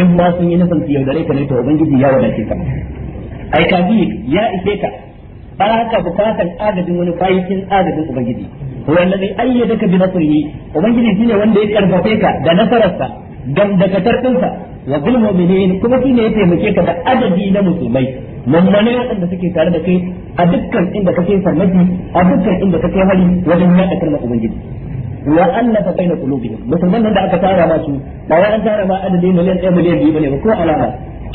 in ma sun yi nufin ki yaudare ka ne to ubangiji ya wadace ka ai ka bi ya ishe ka ba haka bukatan adadin wani fayikin adadin ubangiji huwa alladhi ayyadaka bi nasrihi ubangiji shine wanda ya karfafe ka da nasararsa dangantakar dinsa wa bil mu'minin kuma shi ne ya taimake ka da adadi na musulmai mummune waɗanda suke tare da kai a dukkan inda kake farmaki a dukkan inda kake hali wajen yaɗa kalmar ubangiji wa allafa baina qulubihim musulman nan da aka tara ma su ba wai an tara ma adadin miliyan 1 miliyan 2 bane ba ko alama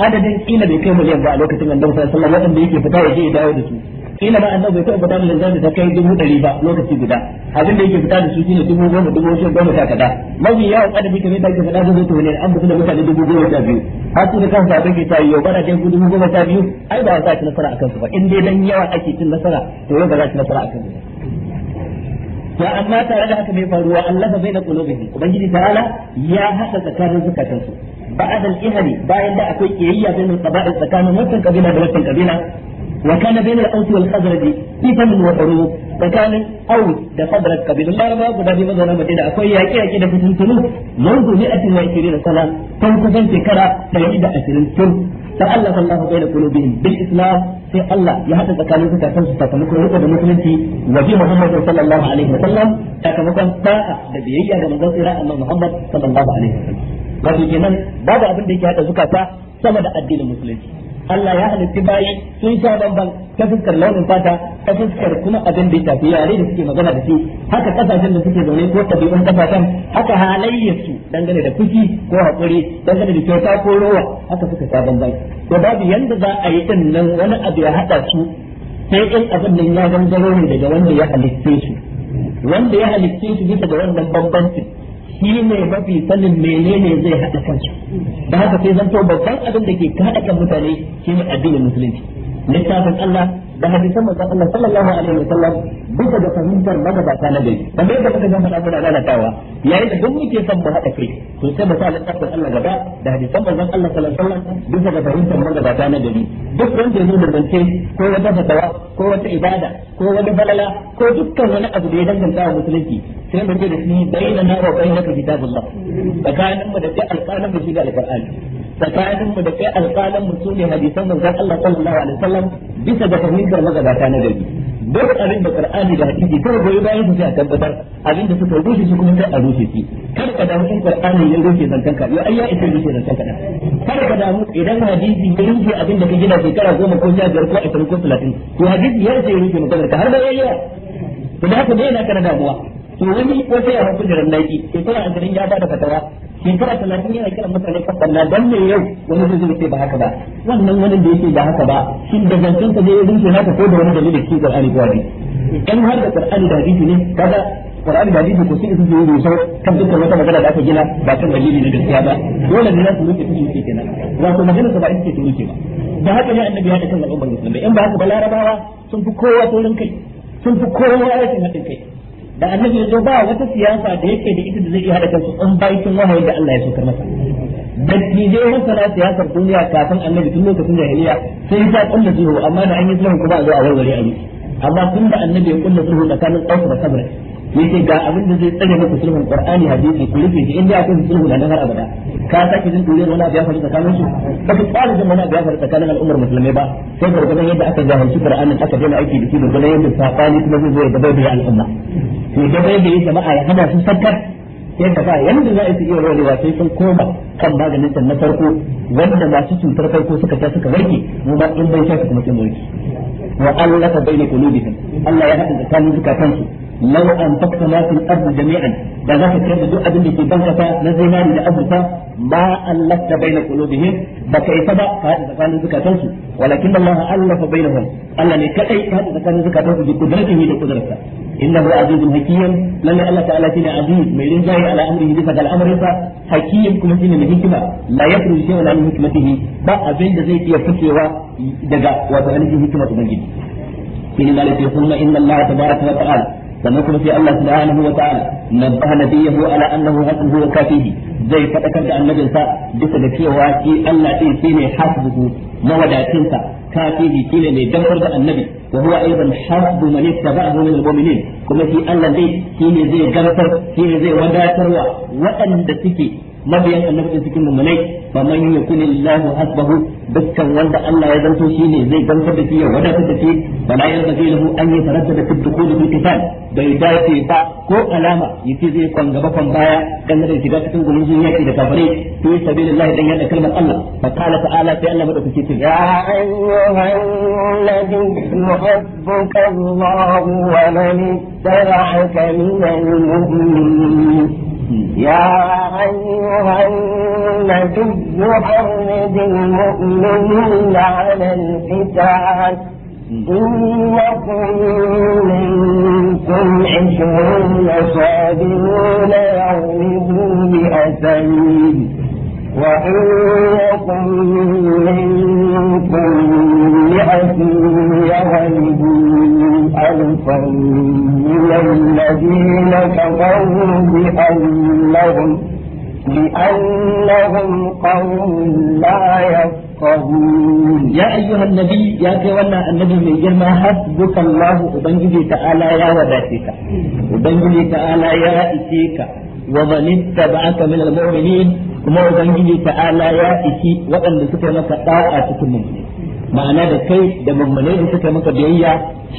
adadin kila bai kai miliyan ba a lokacin annabi sallallahu alaihi wasallam wanda yake fita waje ya dawo da su kila ba annabi bai taɓa fita da kai dubu ɗari ba lokaci guda abin da yake fita da su shine dubu goma dubu shi goma ta kaza mafi yawan adabi kamar da ake faɗa da zai ne an fita da mutane dubu goma sha biyu har su da kansu abin ke ta yau bada dai dubu goma sha biyu ai ba za a ci nasara akan su ba in dai dan yawa ake cin nasara to yau ba za a ci nasara akan su Ya amma tare da haka mai faruwa Allah bai na qulubihim ubangiji ta'ala ya haka tsakanin zukatansu ba'ad al-ihli bayan da akwai kiyayya bainul qaba'il tsakanin wannan kabila da wannan kabila وكان بين الأوس والخزرج كيفا وحروب فكان أوس ده خزرج قبيل الله ربا قد أبي مزونا مدينة أكوية يأكي أكيد فتنتلو منذ مئة وعشرين سنة تنكفا شكرا فيعيد عشرين سنة فألف الله بين قلوبهم بالإسلام في الله يحدث تكاليف تكاليف تكاليف رؤى المسلمين وفي محمد صلى الله عليه وسلم تكاليف ساعة دبيعية من ذات أن محمد صلى الله عليه وسلم wato kenan babu abin da yake hada zukata sama da addinin musulunci Allah ya halitta bayi sun sha bamban ta fuskar launin fata ta fuskar kuma abin da ya tafi yare da suke magana da shi haka kasashen da suke zaune ko ɗabi'un kasashen haka halayyarsu dangane da fushi ko hakuri dangane da kyauta ko rowa haka suka sha bamban to babu yanda za a yi din nan wani abu ya haɗa su sai in abin nan ya gangaro ne daga wanda ya halitta su wanda ya halitta su bisa ga wannan bambancin shi ne mafi sanin menene zai haɗa kansu ba haka sai zanto babban abin da ke haɗa kan mutane shine addinin musulunci littafin Allah da hadisan manzon Allah sallallahu alaihi wasallam duka da fahimtar magabata na gari da bai da muka ga faɗa muna lalatawa yayin da duk muke son mu haɗa kai to sai mu sa littafin Allah gaba da hadisan manzon Allah sallallahu alaihi wasallam duka da fahimtar magabata na gari duk wanda ya da zance ko wata fatawa ko wata ibada ko wani balala ko dukkan wani abu da ya danganta wa musulunci sai mu je da shi bayyana na wa bayyana kitabullah tsakanin mu da alƙalin mu shi da alƙur'ani tsakanin mu da kai alƙalan mu ne hadisan manzon Allah sallallahu alaihi wasallam bisa ga fahimtar magabata na gari duk abin da Qur'ani da hadisi kar goyi bayan su sai a tabbatar abin da suka rushe su kuma sai a rushe shi kar ka damu in Qur'ani ya rushe zantan ka yo ya ita rushe zantan ka kar ka damu idan hadisi ya rushe abin da ka gina shekara goma ko sha biyar ko ashirin ko talatin to hadisi ya ce ya rushe maganar ka har da yayya to da haka dai na kana damuwa to wani wata ya hau kujerar naki shekara garin ya bada fatawa shekara talatin yana kiran mutane kan na dan mai yau wani zai zai ba haka ba wannan wani da yake ba haka ba shin da zancen ka je ya rinke naka ko da wani dalili ke da ko hadisi in har da Qur'ani da hadisi ne kaga Qur'ani da hadisi ko sai su yi rusa kan dukkan wata magana da aka gina ba kan dalili ne gaskiya ba dole ne su kenan wato magana ba ita ce ba da haka ne annabi ya da kan al'ummar musulmai in ba haka ba larabawa sun fi kowa kai da annabi ya zo ba wata siyasa da yake da ita da zai iya hada kansu in bakin wahayi da Allah ya sokar masa dattijai masana siyasar duniya kafin annabi tun lokacin jahiliya sai ya kulla jiho amma da an yi sulhu kuma a zo a warware a amma tun da annabi ya kulla sulhu tsakanin tsauka da sabra yake ga abin da zai tsare maka sulhun qur'ani hadisi ku rufe shi inda akwai sulhu da har abada ka saki jin dole wala abu ya tsakanin su baka tsara jin wani abu ya tsakanin al'ummar musulmai ba sai gurgurdan yadda aka jahilci qur'ani aka daina aiki da shi gurgurdan yadda sabani kuma zai zo da bai da al'umma to gaba da yake jama'a ya hada su sakkar sai ka ba yanda za a yi iya rolewa sai sun koma kan maganin san na farko wanda masu cutar farko suka ta suka warke mu ba in bai sha kuma kin warke wa allafa baina qulubihim Allah ya hada tsakanin su law an taksama fil ardi jami'an da za ka kai da duk abin da ke bankata na zinari da azurfa ma allafta baina qulubihim ba kai ta ba ka hada tsakanin zakatan su walakin Allah allafa bainahum Allah ne kadai ka hada tsakanin zakatan su da kudratihi da kudratarsa innahu azizun hakim lalle Allah ta'ala shine aziz mai rinjaye ala amrihi bisa ga al'amarinsa hakim kuma shine mai hikima la yafru shay'un an hikmatihi ba zai iya fitowa daga wato ainihin hikimar tabaraka wa ta'ala sannan kuma sai Allah subhanahu wa ta'ala nabbaha nabiyahu ala annahu hasbuhu wa kafihi zai fadakar da annabin sa bisa da cewa shi Allah din shine hasbuhu mawadatin sa kafihi shine mai dafar da annabi wa huwa aidan hasbu man ba min al-mu'minin kuma shi Allah dai shine zai gamsar shine zai wadatarwa waɗanda suke mabiyan annabi cikin mummunai ba man yakuni Allahu hasbahu dukkan wanda Allah ya zanto shi ne zai gamsar da shi ya ta da shi bala ya zage lahu an yi tarata da dukkan da kitan bai dace ba ko alama yace zai kon gaba kon baya dan da shiga cikin gumurzun yaki da kafare to yi sabilillahi dan yada kalmar Allah fa qala ta'ala sai Allah madaukake ce ya ayyuhal ladhi yuhibbuka Allahu wa man ittaba'aka mu'minin يا أيها النبي حرد المؤمنين على القتال إن يكن منكم عشرون صابرون يغلبوا مئتين وإن يكن منكم مئة يغلبوا ألفا من الذين كفروا بأنهم لأنهم قوم لا يفقهون يا أيها النبي يا كيوانا النبي من جرما حسبك الله أبنجي تعالى يا وداتك أبنجي تعالى يا إتيك wa man ittaba'aka min al kuma ubangiji ta'ala ya isi waɗanda suka maka da'a cikin mummune ma'ana da kai da mummune da suka maka biyayya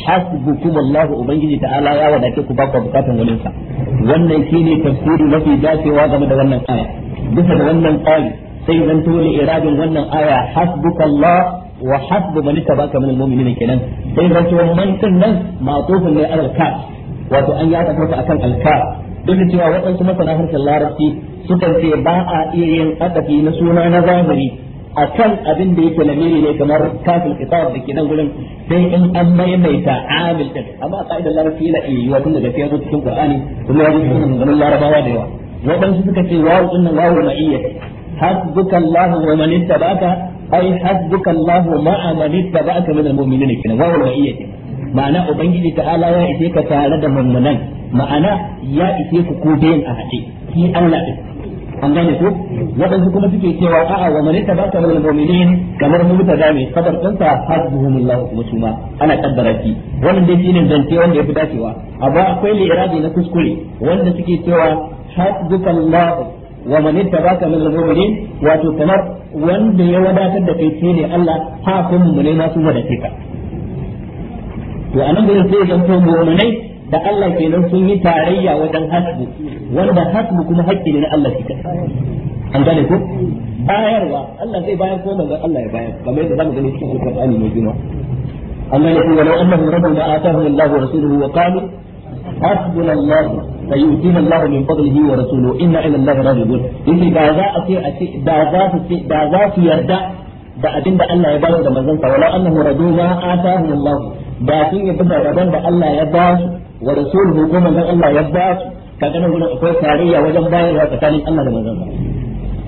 hasbukum Allah ubangiji ta'ala ya wadace ku ba bukatan wani sa wannan shine tafsiri mafi dacewa game da wannan aya bisa da wannan tsari sai zan tole iradin wannan aya hasbukallah wa hasbu man tabaka min almu'minin kenan sai zan tole man kan nan ma'tufun ne alal ka wato an ya tafi akan alka duk da cewa waɗansu masana harshen larabci sukan ce ba a iya yin adafi na suna na zamani a kan abin da yake lamiri ne kamar kafin kitab da ke nan gurin sai in an maimaita amil din amma ka'idar larabci yana iya yi wato daga fiye cikin qur'ani kuma ya zuci cikin ganin larabawa da yawa waɗansu suka ce wawu din nan wawu ma'iyya hasbuka allah wa man ittaba'aka ay hasbuka allah ma'a man ittaba'aka min al-mu'minin kenan wawu ma'iyya kenan ma'ana ubangiji ta'ala ya ise ka tare da mummunan ma'ana ya ise ku ko bayan a haɗe ki Allah din an gane ko waɗansu kuma suke cewa a'a wa man tabaka min al kamar mu ta dame har kansa Allah kuma suma ana kaddara ki wannan dai shine zance wanda yafi dacewa amma akwai li'irabi na kuskure wanda suke cewa hasbukallahu wa man tabaka min al-mu'minin wato kamar wanda ya wadatar da kai shine Allah ha kun mu ne masu su wadace ka to anan gurin sai zan to mu'minai da Allah kenan sun yi tarayya wajen hasbu wanda hasbu kuma hakki ne na Allah shi kadai an gane ko bayarwa Allah zai bayar ko manzon Allah ya bayar kamar yadda zamu gani cikin alqur'ani mai girma Allah ya ce walau annahum rabu da atahum Allah wa rasuluhu wa qalu hasbuna Allah sayutina Allah min fadlihi wa rasuluhu inna ila Allah rajiun yace da za a ce a ce da za su ce da za su yarda da abinda Allah ya bayar da manzon sa walau ba sun yi da rabon da Allah ya ba su wa rasuluhu ko manzon Allah ya ba su ka kaga nan gurin akwai tarayya wajen bayarwa tsakanin Allah da manzon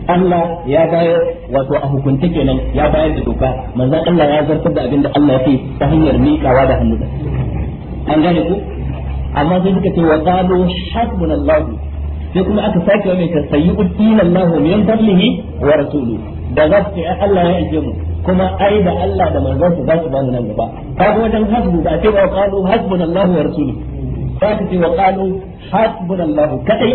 Allah ya bayar wato a hukunta kenan ya bayar da doka manzon Allah ya zartar da abin da Allah ya ce ta hanyar miƙawa da hannu an gane ku amma sai suka ce wa qalu hasbunallahu sai kuma aka sake wa mai tasayyu dinallahu min fadlihi wa rasuluhu da za su ce Allah ya aike mu kuma ai da Allah da manzon su za su ba mu nan gaba kaga wajen hasbu ba ce ba qalu hasbunallahu wa rasuluhu ba ta ce wa qalu hasbunallahu kadai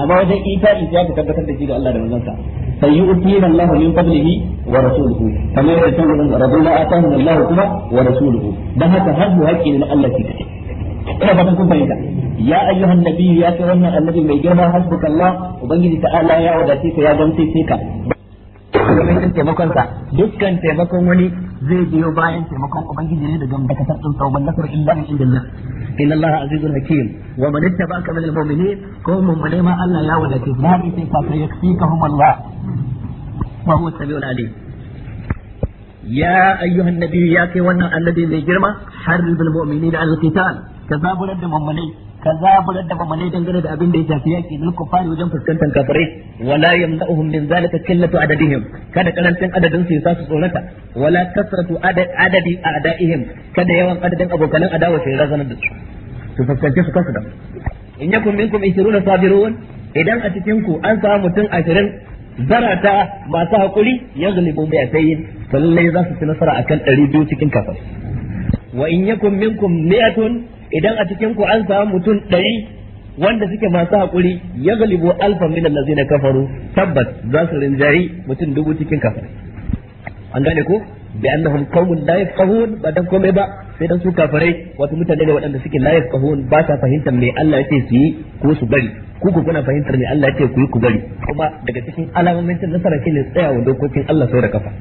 amma wajen ita in ya ka tabbatar da shi da Allah da manzon sa sai yu'tina Allah min fadlihi wa rasuluhu kamar yadda can gurin rabbuna atahu Allah kuma wa rasuluhu dan haka hasbu haƙƙi ne na Allah shi kadai ina fatan kun fahimta ya ayyuhan nabiyyu ya ce wannan annabi mai girma hasbukallah ubangiji ta'ala ya wadace ka ya gamsai ka taimakon sa dukkan taimakon wani zai biyo bayan taimakon ubangiji ne daga dakatar din sauban nasar illa min indillah inna allaha azizun hakim wa man ittaba'aka min almu'minin ko mun bane ma Allah ya wadace ba sai ka sai yakfikahum Allah wa huwa samiul alim ya ayyuhan nabiy ya kai wannan annabi mai girma harbil mu'minina al-qital ka zaburar da mammanai ka zaburar da mammanai dangane da abin da ya shafi yaki nan ku wajen fuskantar kafirai wala yamna'uhum min zalika qillatu adadihim kada karancin adadin su ya su tsorata wala kasratu adadi a'daihim kada yawan adadin abokan adawa sai razanar da su su fuskance su kasu da in yakum minkum 20 sabirun idan a cikin ku an samu mutum 20 zarata masu hakuri ya zulibu bai tayin lallai za su ci nasara akan biyu cikin kafar wa in yakum minkum mi'atun idan a cikin ku an samu mutum ɗari wanda suke masu haƙuri ya galibu alfa min allazi na kafaru tabbas za su rinjayi mutum dubu cikin kafar an gane ko bi annahum qaumun la yafqahun ba dan komai ba sai dan su kafarai wato mutane ne waɗanda suke la yafqahun ba sa fahimtar me Allah yake su yi ko su bari ku ku kuna fahimtar me Allah yake ku yi ku bari kuma daga cikin alamomin nasara shine tsayawa dokokin Allah sau da kafa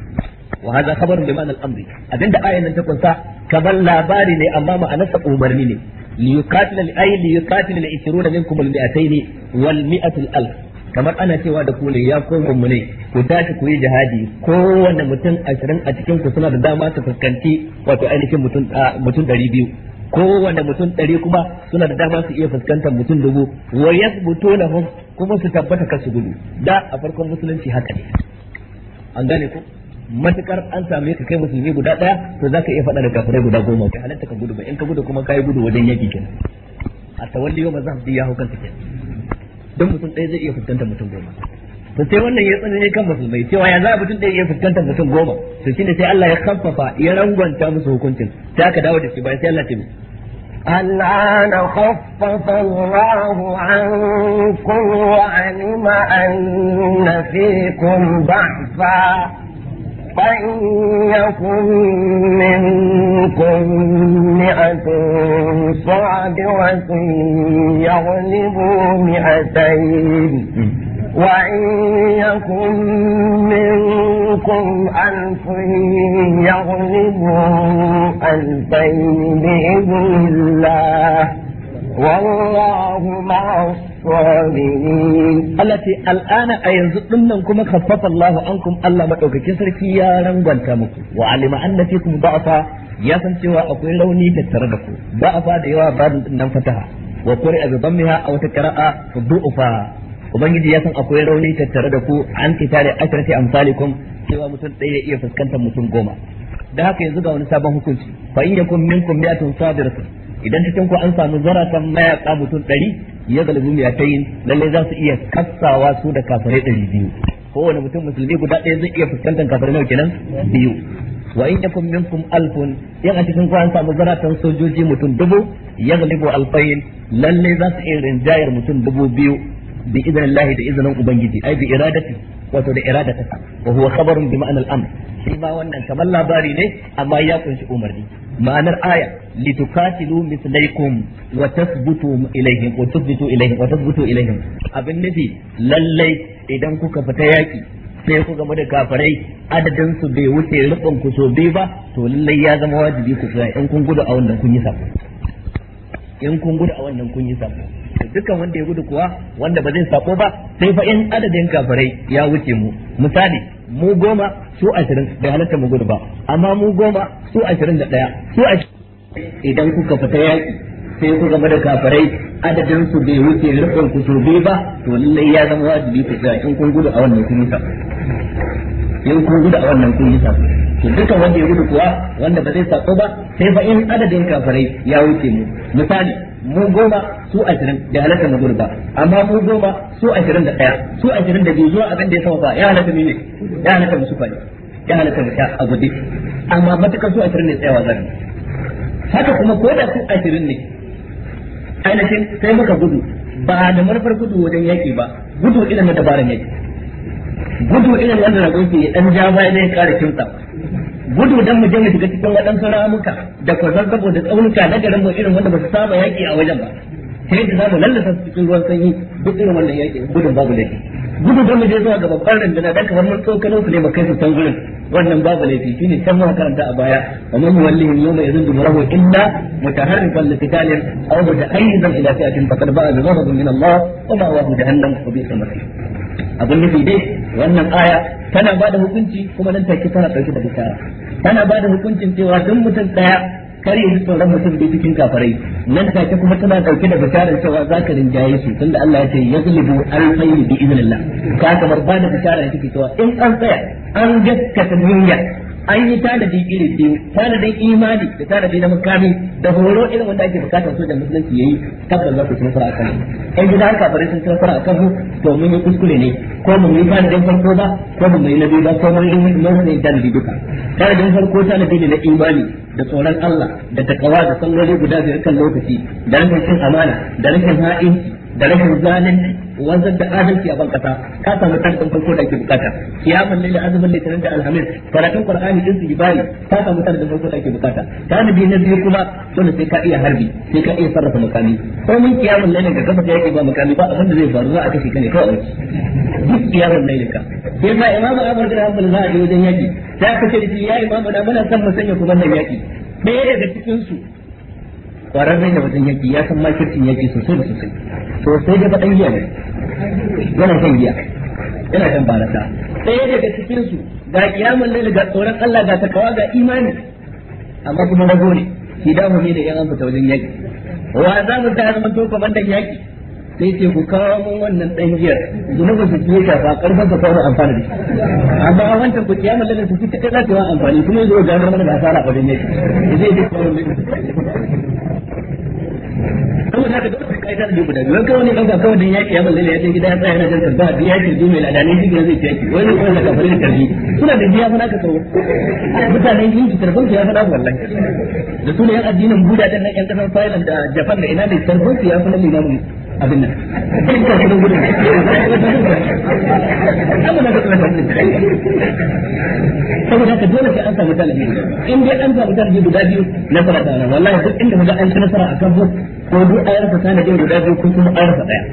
wa hadha khabarun bi al amri abinda ayan nan ta kunsa kamar labari ne amma ma'anarsa umarni ne li yuqatil al ay li yuqatil al 20 minkum al 200 wal 100 al kamar ana cewa da ku ne ya koma mu ne ku tashi ku yi jihadi kowanne mutum 20 a cikin ku suna da dama ta fuskanci wato ainihin mutum ah, mutum 200 kowanne mutum ɗari kuma suna da dama su iya fuskantar mutum dubu wa yasbutu lahum kuma su tabbata kasu gudu da a farkon musulunci haka ne an gane ku matukar an same ka kai musulmi guda daya to za ka iya faɗa da kafirai guda goma Kai halatta ka gudu ba in ka gudu kuma ka yi gudu wajen yaki kenan a tawalli yau za ya hau ta kenan Don mutum ɗaya zai iya fuskantar mutum goma to sai wannan ya tsanani kan musulmai cewa ya za mutum ɗaya iya fuskantar mutum goma to shine sai Allah ya kamfafa ya rangwanta musu hukuncin sai aka dawo da shi bayan sai Allah ya ce الآن خفف الله عنكم وعلم أن فيكم ضعفا فإن يكن منكم مئة صابرة يغلبوا مئتين وإن يكن منكم ألف يغلبوا ألفين بإذن الله والله مع الصابرين التي الآن أينزو لنن كما خفف الله عنكم الله مدعوك كسرك يا رنغان كامكو وعلم أن فيكم ضعفا يا سنسوا أقول لوني تتردكو ضعفا ديوا بعد ننفتها وقرئ بضمها أو تقرأ ضعفا ubangiji ya san akwai rauni tattare da ku an kita da asharati amsalikum cewa mutum ɗaya iya fuskantar mutum goma da haka yanzu ga wani sabon hukunci fa in yakum minkum mi'atun sabiratun idan cikin ku an samu zaratan mayaka mutum ɗari ya galibu ya tayin lallai za su iya kassawa su da kafare ɗari biyu kowane mutum musulmi guda ɗaya zai iya fuskantar kafare nawa kenan biyu wa in yakum minkum alfun yan a cikin ku an samu zaratan sojoji mutum dubu ya galibu alfayin lallai za su iya rinjayar mutum dubu biyu bi idanillahi da izinin ubangiji ai bi iradati wato da irada ta wa huwa khabarun bi ma'anar amr shi ma wannan kamar labari ne amma ya kunshi umarni ma'anar aya litukatilu mislaikum wa tasbutu ilaihim wa tasbutu ilaihim wa tasbutu abin nufi lallai idan kuka fita yaki sai ku game da kafarai adadin su bai wuce rubun ku so bai ba to lallai ya zama wajibi ku fita in kun gudu a wannan kun yi sa. in kun gudu a wannan kun yi sako dukkan wanda ya gudu kuwa wanda ba zai sako ba sai fa in adadin kafirai ya wuce mu misali mu goma su ashirin bai halatta mu gudu ba amma mu goma su ashirin da ɗaya su ashirin idan kuka fita yaƙi sai ku game da kafirai adadin su bai wuce rufin ku bai ba to lallai ya zama wajibi ku in kun gudu a wannan kun yi sako in kun gudu a wannan kun yi sako to dukan wanda ya gudu kuwa wanda ba zai sako ba sai fa in adadin kafirai ya wuce mu misali mu goma su ashirin da halatta na gudu ba amma mu goma su ashirin da ɗaya su ashirin da biyu zuwa abin da ya sauka ya halatta ne ya halatta mu sufa ya halatta mu a gudu. amma matakan su ashirin ne tsayawa zan haka kuma ko da su ashirin ne ainihin sai muka gudu ba da manufar gudu wajen yaki ba gudu irin na dabaran yaki gudu irin wanda na gudu dan ja baya zai kare kimsa gudu dan mu je mu shiga cikin waɗansu ramuka da kwazazzabo da tsaunuka na garin mu irin wanda ba su saba yaƙi a wajen ba sai da zamu lallasa su cikin ruwan sanyi duk irin wannan yaƙi gudun babu laifi gudu dan mu je zuwa ga babban rundunar dan kamar mun tsokano su ne mu kai su can gurin wannan babu laifi shine can muka karanta a baya wa man yuwallihim yawma yazun dumurahu illa mutaharrifan liqitalin aw mutahayyizan ila fi'atin faqad ba'a bi ghadabin min Allah wa ma'awahu jahannam wa bi'sal masir abin nufi dai wannan aya tana ba da hukunci kuma nan take tana dauke da bishara ana ba da hukuncin cewa don mutum ɗaya kar yi tsoron mutum bi cikin kafarai nan take kuma tana dauke da bisharar cewa za ka rinjaye su tunda Allah ya ce ya zulubu alfayni bi na. ka kamar ba da bisharar take cewa in an tsaya an gaskata niyya an yi tanadi iri biyu tanadin imani da tanadi na mukami da horo irin wanda ake bukatar sojan musulunci yayi tabbas za ku ci nasara kan in gida har kafirai sun ci fara akan to mun yi kuskure ne ko mun yi tanadin farko ba ko mun yi na biyu ba ko mun yi mun yi tanadi duka tanadin farko tanadi ne na imani da tsoron Allah da takawa da salloli guda biyar kan lokaci da rashin amana da rashin ha'inci da rashin zalunci wanzar da adalci ki ban kasa ka samu tantan farko da ake bukata kiyamun laila azumin litinin da alhamis karatun qur'ani din su ibali ka samu tantan farko da ake bukata bi na biyu kuma dole sai ka iya harbi sai ka iya sarrafa makami ko mun kiyamun laila ka kafa yake ba makami ba abin da zai faru za a kashe ka ne kawai duk kiyamun laila ka sai ma imam abu da hanbal za a je wajen yaki sai ka ce ya imam da muna san mu sanya ku wannan yaki ɗaya daga cikin su kwararre da wajen yaki ya san makircin yaki sosai da sosai to sai da baɗan giya ne yana kan giya yana kan barasa sai daga cikin su ga kiyamun lail ga tsoron Allah ga takawa ga imani amma kuma rago ne damu ne da yan an fita wajen yaki wa za mu ta zama to komandan yaki sai ce ku kawo mun wannan dan giyar zunubin su ke shafa karfin da kawo amfani da shi amma a wancan ku kiyama lalle su kike za ta yi amfani kuma yanzu ga mana da asara a wajen yaki saboda da dole kai ta da guda wani kawai ne kanka kawai dan yaki ya balle ya je gida ya tsaya yana jin karba da yaki da ladane shi gidan zai yaki wani kuma da kafarin karbi suna da biya fada ka kawo mutanen yin su karfin ki ya fada wallahi da su yan addinin buda dan nan yan kasar Thailand da Japan da ina ne karfin su ya fada limamin abin nan duk ga sunan gudun amma na da kuma wannan saboda ka dole sai an samu talabi in dai an samu talabi guda biyu na fara tsara wallahi duk inda kaga an ci nasara a kan ko duk ayar sa tana da guda biyu ko kuma ayar sa daya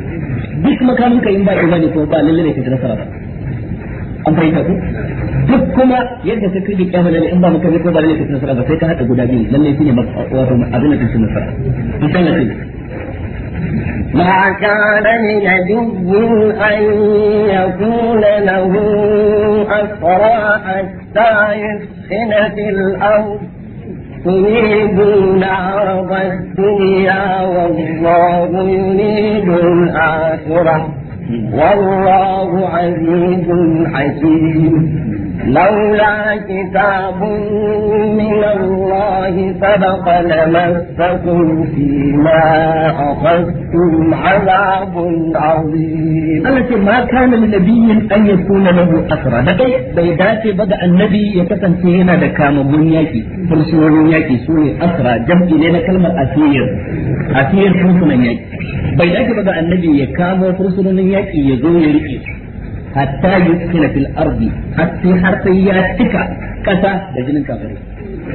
duk makamin ka in ba imani ko ba lalle ne ka ci nasara ba an fahimta ku duk kuma yadda ka kirki kyamar lalle in ba makamin ko ba lalle ka ci nasara ba sai ka haɗa guda biyu lalle shine wato abin da ka ci nasara insha Allah ما كان لنبي أن يكون له أسرى حتى يسخن في الأرض تريدون عرض الدنيا والله يريد الآخرة والله عزيز حكيم لولا كتاب من الله سبق لمسكم فيما أخذتم عذاب عظيم التي ما كان من نبي أن يكون له أسرى لكي بيدات بدأ النبي يكسن فينا لكام بنياكي فلسوا بنياكي سوني أسرى جمعي لنا كلمة أثير أثير فرسنا ياكي بيدات بدأ النبي يكام فرسنا ياكي يزوي رئيس hatta yuskina fil arzi hatta har sai ya cika kasa da jinin kafare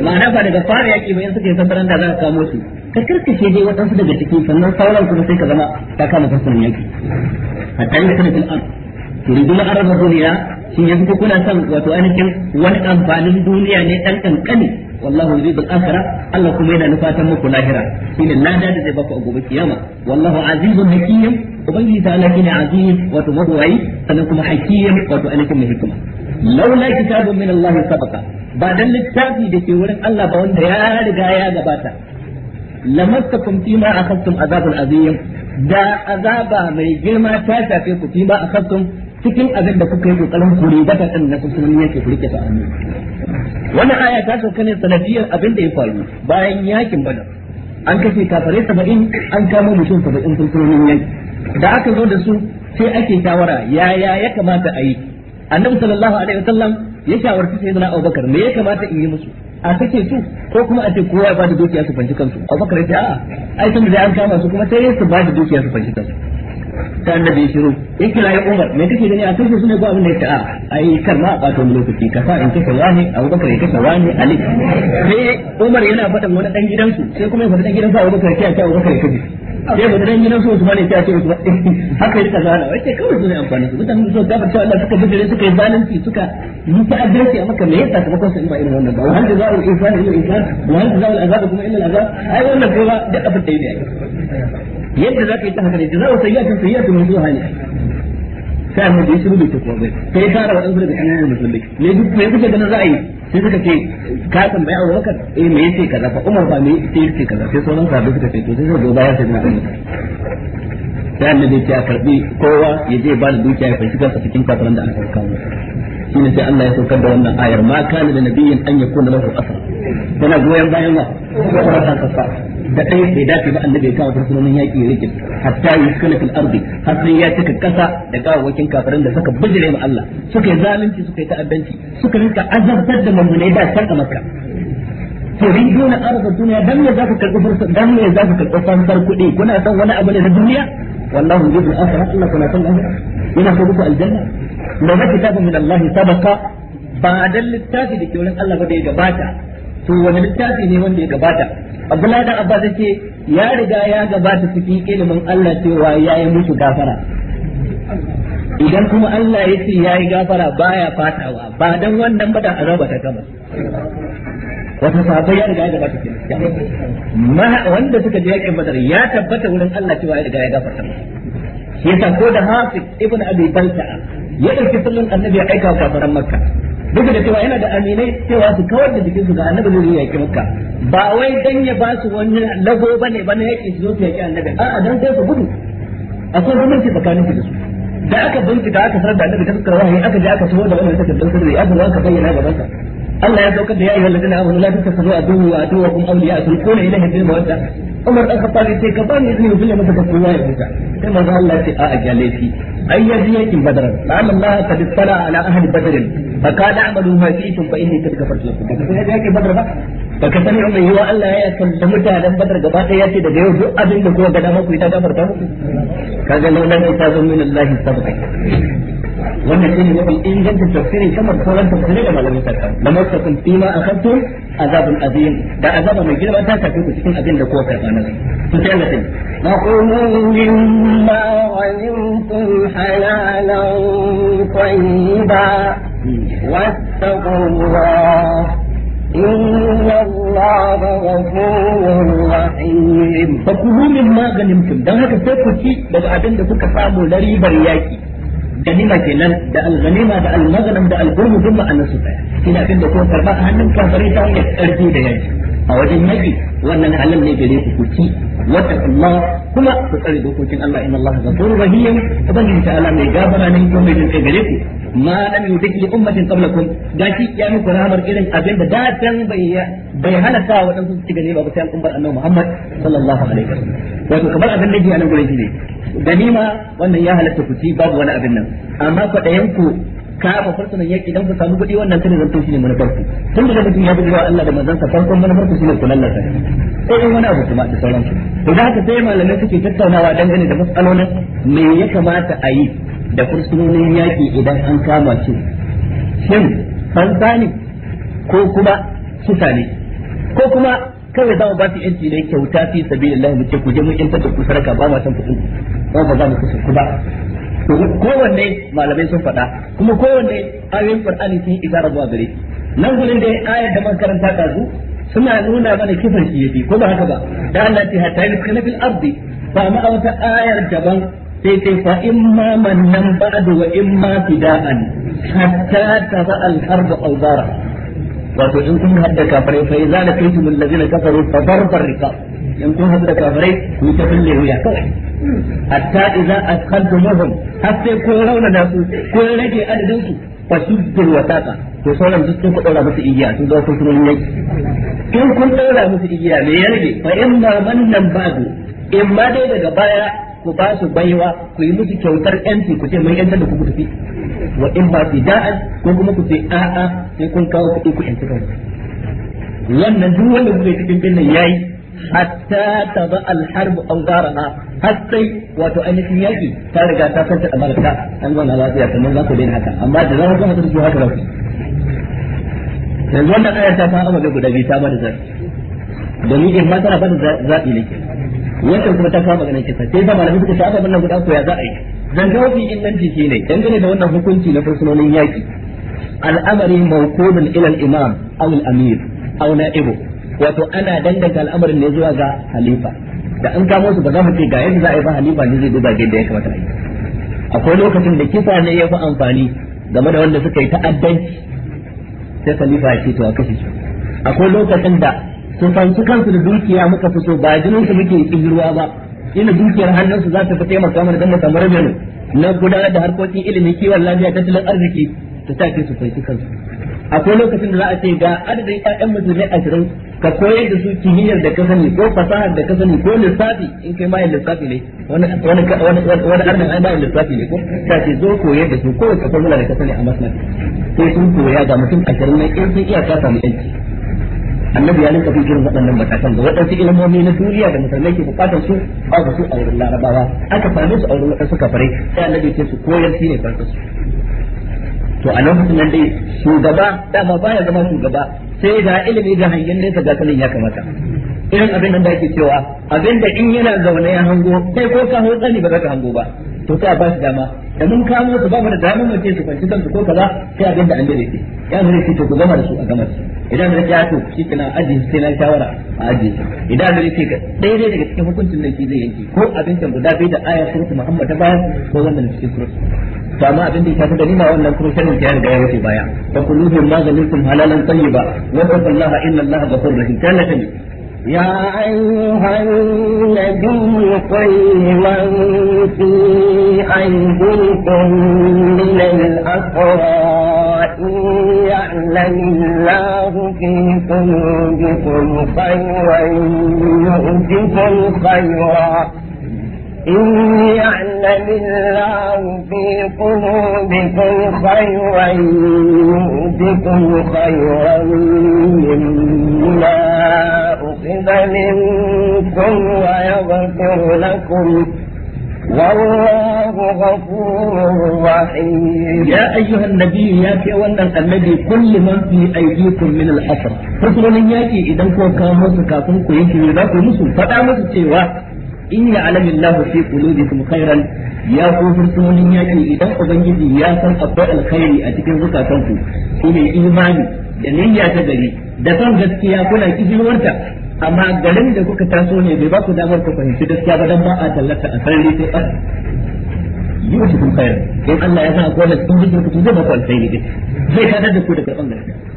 ma'ana ba daga fara yaƙi ba in suka yi safaran da za ka kamo su ka karkashe dai waɗansu daga ciki sannan sauran kuma sai ka zama ka kama fasunan yaki hatta yuskina fil ardi turidul arba duniya shin yanzu kuna son wato ainihin wani amfanin duniya ne dan ƙanƙani. wallahu yuridu al Allah kuma yana nufatan muku lahira shine lada da zai baku a gobe kiyama wallahu azizun hakim ubangiji ta Allah shine aziz wato mawai sannan kuma hakim wato anakin mai hikima laula kitabun min Allah sabaqa ba dan littafi da ke wurin Allah ba wanda ya riga ya gabata lamassakum fima akhadtum azabun azim da azaba mai girma ta shafe ku fima akhadtum cikin abin da kuka yi kokarin kuri da ta kan na kusurin yake kurke ta annu wannan aya ta sauka ne sanadiyar abin da ya faru bayan yakin badar an kashe kafare saba'in an kama mutum saba'in kusurin yaki da aka zo da su sai ake shawara yaya ya kamata a yi annabi sallallahu alaihi wasallam ya shawarci sayyidina abubakar me ya kamata in yi musu a sake su ko kuma a ce kowa ya bada dukiya su fanci kansu abubakar ya ce a'a ai sun da an kama su kuma sai su bada dukiya su fanci kansu ta annabi shiru in kira ya umar me kake gani a kashe su ba abin da ya ta'a ai kar ma a ɓata lokaci ka sa in kashe wani abubakar ya kashe wani ali sai umar yana faɗan wani ɗan gidansu sai kuma ya faɗi ɗan gidansu abubakar ya ce abubakar ya kashe sai ba dan gidan su Usman ya ce haka yake wace kawai su mutanen su Allah suka suka yi zalunci suka yi a maka me yasa ba irin wannan ba illa azab kuma illa da yake yadda za ka yi ta haka ne sayi a kan mutuwa ne sai mu da shiru bai ta kuma bai sai fara wadansu daga kananan musulmai ne duk me da ganin za a yi sai suka ce ka tambaya Abu Bakar eh me sai kaza fa Umar ba me ka kaza sai sauran sahabbai suka ce to sai zo baya sai na sai annabi ya karbi kowa ya je ba da dukiya ya fahimci kansa cikin kafiran da aka sauka mu ne sai Allah ya saukar da wannan ayar ma kana da nabiyyin an yakuna lahu asra tana goyen bayan wa bayan ta kasa da ɗaya bai dace ba annabi ya kawo fursunonin yaƙi rikin hatta yi sukalafin arzi har sai ya cika ƙasa da gawawakin kafirin da suka bijire ma Allah suka yi zalunci suka yi ta'addanci suka rinka azabtar da mamune da can a makka to rin dole arza duniya dan me za ku karɓi fursun dan me za ku karɓi fansar kuɗi kuna son wani abu ne na duniya wallahu yuzu akhirah Allah kuna son akhirah yana so ku aljanna la kitabun min Allah sabaqa ba dan littafi da ke wurin Allah ba da ya gabata to wani littafi ne wanda ya gabata Abdullahi dan Abbas yake ya riga ya gabata cikin ilimin Allah cewa yayi musu gafara idan kuma Allah ya ce yayi gafara baya fatawa ba dan wannan ba da azaba ta gama wata sabai ya riga ya gabata cikin wanda suka je yakin Badar ya tabbata wurin Allah cewa ya riga ya gafarta yasa ko da Hafiz ibn Abi balta ya dauki sallan annabi ya aika wa kafaran Makka Duk da cewa yana da aminai cewa su kawar da jikin su ga annabi zai yaki makka ba wai dan ya ba su wani lago bane ba na yaki su zo su yaki annabi a'a dan sai su gudu akwai gwamnati tsakanin su da su da aka da aka sanar da annabi ta fuskar wahayi aka je aka taho da wannan takardar sirri aka zo aka bayyana ga sa Allah ya saukar da ya ayyuhal ladina a la tattakhudhu aduwwa wa aduwwakum awliya tulquna ilayhim bil mawadda Umar dan Khattab ce ka bani izini mu fille masa gaskiya ya huta sai manzo Allah ya ce a ajale shi ai yaji yakin badar la'alla Allah qad tala ala ahli badr fa qala amalu ma fiikum fa inni kad kafartu lakum da sai yakin badar ba ba ka sani mai yiwa Allah ya kalla mutanen badar gaba ɗaya ya ce daga yau duk abin da kuka ga dama ku a ta gafarta kaga laulan ta zo wannan shine mafi ingancin tafsirin kamar sauran tafsirai da malamin sarka da mustaqim fi ma akhadtum azabun azim da azaba mai girma ta tafi ku cikin abin da kowa karɓa nan to sai Allah sai naqulu mimma ghanimtum halalan tayyiba wattaqu إن الله غفور رحيم فكلوا مما غنمتم ده daga تكتي بس عدن ده كفامو لريبر ياكي ganima kenan da al da al da al-burmu duk ma'anar su ina kin da ko karba a hannun bari ta hanyar karfi da yanki a wajen yaki wannan halal ne gare ku ku ci wata Allah kuma ku tsare dokokin Allah inna Allah ghafurur rahim ubangiji ta'ala mai gafara ne kuma mai jinkai gare ku ma lam yudiki ummatin qablakum gashi ya muku rahamar irin abin da datan bai bai halaka wa dan su ci gare ba sai an bar annabi Muhammad sallallahu alaihi wasallam wato kamar abin da yake nan gurin shi ne ganima wannan ya halatta ku babu wani abin nan amma ku dayan ku Ka kafa farsunan yaki dan ku samu kudi wannan sai zanto shine mun farko tun da mutum ya bi zuwa Allah da manzon sa farkon mun farko shine kullun sai ko in wani abu kuma da sauran su to da haka sai malamai suke tattaunawa dangane da matsalolin me ya kamata a yi da fursunonin yaki idan an kama shi shin fansa ne ko kuma kisa ne ko kuma kawai za mu ba su yanci ne kyauta fi sabilillah mu ce ku je mu yantar da ku saraka ba ma san kuɗin ba ba za mu kusa ku ba kowanne malamai sun faɗa kuma kowanne ayoyin qur'ani sun isara zuwa gare nan gurin dai ayar da muka karanta kazu suna nuna mana kifin shi yafi ko ba haka ba da Allah ta hatta yaskana fil ardi ba ma wata ayar daban sai sai fa imma mannan ba'du wa imma fida'an hatta taba al-harb awzara wato in kun hadda kafirai fa idza lakaytum allazina kafaru fa darbar riqab in kun haɗu da kafirai ku ta fille wuya kawai hatta idza asqaltumuhum har sai kun raunana su kun rage adadin su fa shuddul wasaqa to sauran duk kun kuɗa musu igiya sun zo kun tunan yaki in kun ɗaura musu igiya me ya rage fa in ma mannan ba'du in ma dai daga baya ku ba su baiwa ku yi musu kyautar yanci ku ce mai yantar da ku tafi wa in ba fi da'an ko kuma ku ce a'a sai kun kawo kuɗi ku yanci kanku wannan duk wanda kuke cikin binnan yayi hatta taba al-harb awzaraha har sai wato ainihin yaki ta riga ta kanta da marka an gwana lafiya kamar za ku daina haka amma da za ku gama su haka ba yanzu wannan ayar ta fara da guda biyu ta ba da zafi domin in ma tana ba da zaɓi ne ke wancan kuma ta fara magana kisa sai ba malamin suka shafa wannan guda ko ya za a yi zanga mafi inganci shine dangane da wannan hukunci na fursunonin yaki al'amari mawqudun ila al-imam aw al-amir aw na'ibu wato ana danganta al'amarin ne zuwa ga halifa da an kamo su ba za mu ce ga yadda za a yi ba halifa ne zai duba yadda ya kamata a yi akwai lokacin da kisa ne ya fi amfani game da wanda suka yi ta'addanci sai khalifa ya ce to a kashe su akwai lokacin da sun fansu kansu da dukiya muka fi so ba jinin su muke tsirwa ba ina dukiyar hannunsu za ta fi taimaka mana don mu samu rabenu na gudanar da harkokin ilimi kiwon lafiya tattalin arziki ta sa su fansu kansu akwai lokacin da za a ce ga adadin ƴaƴan musulmai ashirin ka koyar da su kimiyyar da ka sani ko fasahar da ka sani ko lissafi in kai mayin lissafi ne wani wani wani arnin ai mayin lissafi ne ko ta ce zo koyar da su ko wata formula da ka sani a masnad sai sun koya ga mutum ashirin nan in sun iya ka samu yanci annabi ya rinka fi waɗannan matakan da waɗansu ilmomi na duniya da musulmai ke bukatar su ba su a wurin larabawa aka same su a wurin waɗansu kafarai sai annabi ce su koyar shi ne farko su to a lokacin nan dai shugaba dama baya zama shugaba sai da ilimi da hangen nesa ga sanin ya kamata irin abin da ake cewa abin da in yana zaune ya hango sai ko ka hau tsani ba za ka hango ba to sai a ba shi dama da mun kamo su ba mu da damar mace su kwanci kansu ko kaza sai abin da an da yake ya zai ce to ku gama da su a gama su idan da ya to shi kana aji sai na shawara a aji idan da yake ka dai daga cikin hukuncin da ke zai yanki ko abincin guda bai da ayar surat Muhammad ta bayan ko wannan cikin surat to amma abin da ya shafi ganima wannan kuma shirin ta riga ya wuce baya fa kullu mimma ghanimtum halalan tayyiba wa taqullaha inna allaha ghafurur rahim kana ta يا أيها النبي قل من في أيديكم من يعلم الله في قلوبكم خيرا يؤتكم خيرا إن يعلم الله في قلوبكم خيرا يؤتكم خيرا مما أخذ منكم ويغفر لكم والله غفور رحيم يا أيها النبي يا كيوانا النبي كل من في أيديكم من الحسر فصل ياكي إذا كنت كاموس كافنكو يكي يداكو مسو فتا مسو in ya alami Allah fi qulubikum khairan ya ku fursunin yaki idan ubangiji ya san akwai alkhairi a cikin zukatanku ne imani da niyya ta gari da san gaskiya kuna kijirwarta amma garin da kuka taso ne bai ba ku damar ku fahimci gaskiya ba dan ba a tallata a sarari sai ba yi wa cikin khairan in Allah ya san akwai alkhairi cikin zukatanku zai ba ku alkhairi zai kadar da ku da karban gaskiya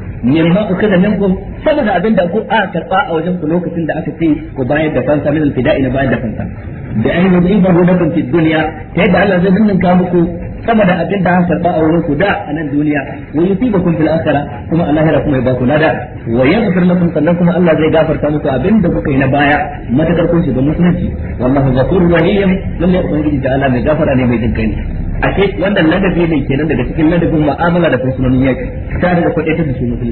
kada nan ku saboda abin da ku a karba a wajen ku lokacin da aka ce ku bayar da fansa min fida'i na bayar da fansa da ayyuhu ibahu lakum fi duniya ta yadda Allah zai ninka muku sama da abin da aka karba a wurin ku da a nan duniya wa yusibukum fil akhirah kuma Allah ya kuma ya ba ku lada wa yaghfir lakum sannan kuma Allah zai gafarta muku abin da kuka yi na baya matakar kun shiga musulunci wallahu ghafurur rahim lalle ubangiji da Allah mai gafara ne mai jinkai ke wannan ladabi ne kenan daga cikin ladabin mu'amala da fursunonin yaki ta daga kuɗe ta musulunci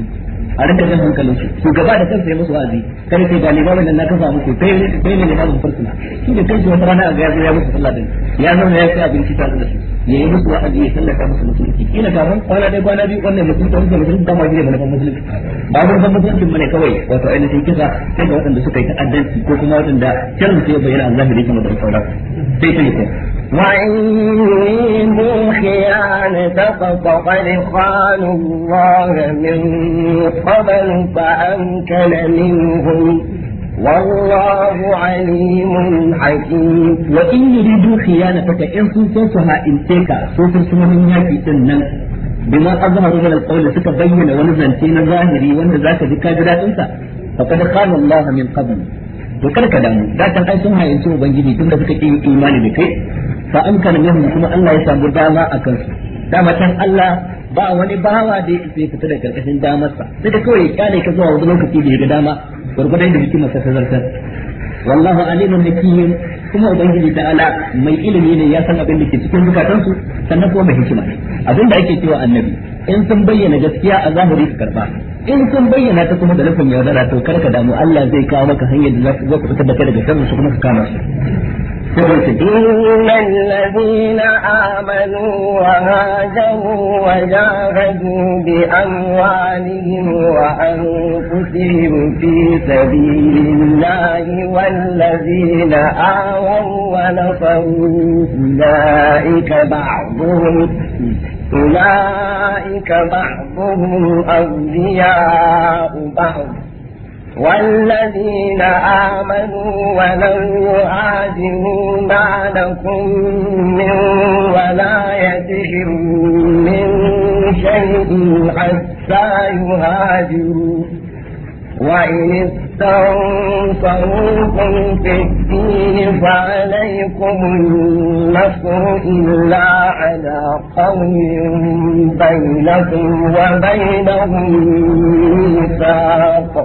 a rinka jan hankalin su gaba da kansa ya musu wa'azi kar sai ba limamin nan na kafa musu sai kai ne limamin farsuna shi da kansa wata rana a ga ya musu sallah din ya ne ya ci abinci ta da su ya yi musu wa'azi ya sallaka musu musulunci kila ran kwana dai kwana biyu wannan musulunci wannan musulunci dama ne na musulunci ba manufan musulunci ne kawai wato ainihin kisa sai ga waɗanda suka yi ta'addanci ko kuma waɗanda shirin sai bayyana Allah ne kuma da sauransu sai sai وإن يريدوا خيانتك فقد خانوا الله من قبل فأمكن منهم والله عليم حكيم وإن يريدوا خيانتك إن سوسها إنتيكا سوسر سمهم يأتي إنن بما أظهروا من القول ستبين ونزلتين ظاهري وأن ذاك ذكا جراتنسا فقد خان الله من قبل to kada ka damu da kan ai sun hayanci ubangiji tun da fa amkana minhum kuma Allah ya samu dama a kansu dama can Allah ba wani bawa da ya fita da karkashin sa sai da kawai ya ne ka zuwa wani lokaci da ya ga dama gurgudan da jikin ta zartar. wallahu alimun hakim kuma ubangiji ala mai ilimi ne ya san abin da ke cikin su sannan kuma mai hikima abin da ake cewa annabi in sun bayyana gaskiya a zahiri su karba in sun bayyana ta kuma da nufin yaudara to karka damu Allah zai kawo maka hanyar da za ku fitar da kai daga sharri su kuma ka kama su إن الذين آمنوا وهاجروا وجاهدوا بأموالهم وأنفسهم في سبيل الله والذين آووا ونصروا أولئك بعضهم أولئك بعضهم أولياء بعض والذين آمنوا ولم يهاجروا ما لكم من ولايتهم من شيء حتى يهاجروا وإن استنصروكم في الدين فعليكم النصر إلا على قوم بينكم وبينهم ميثاق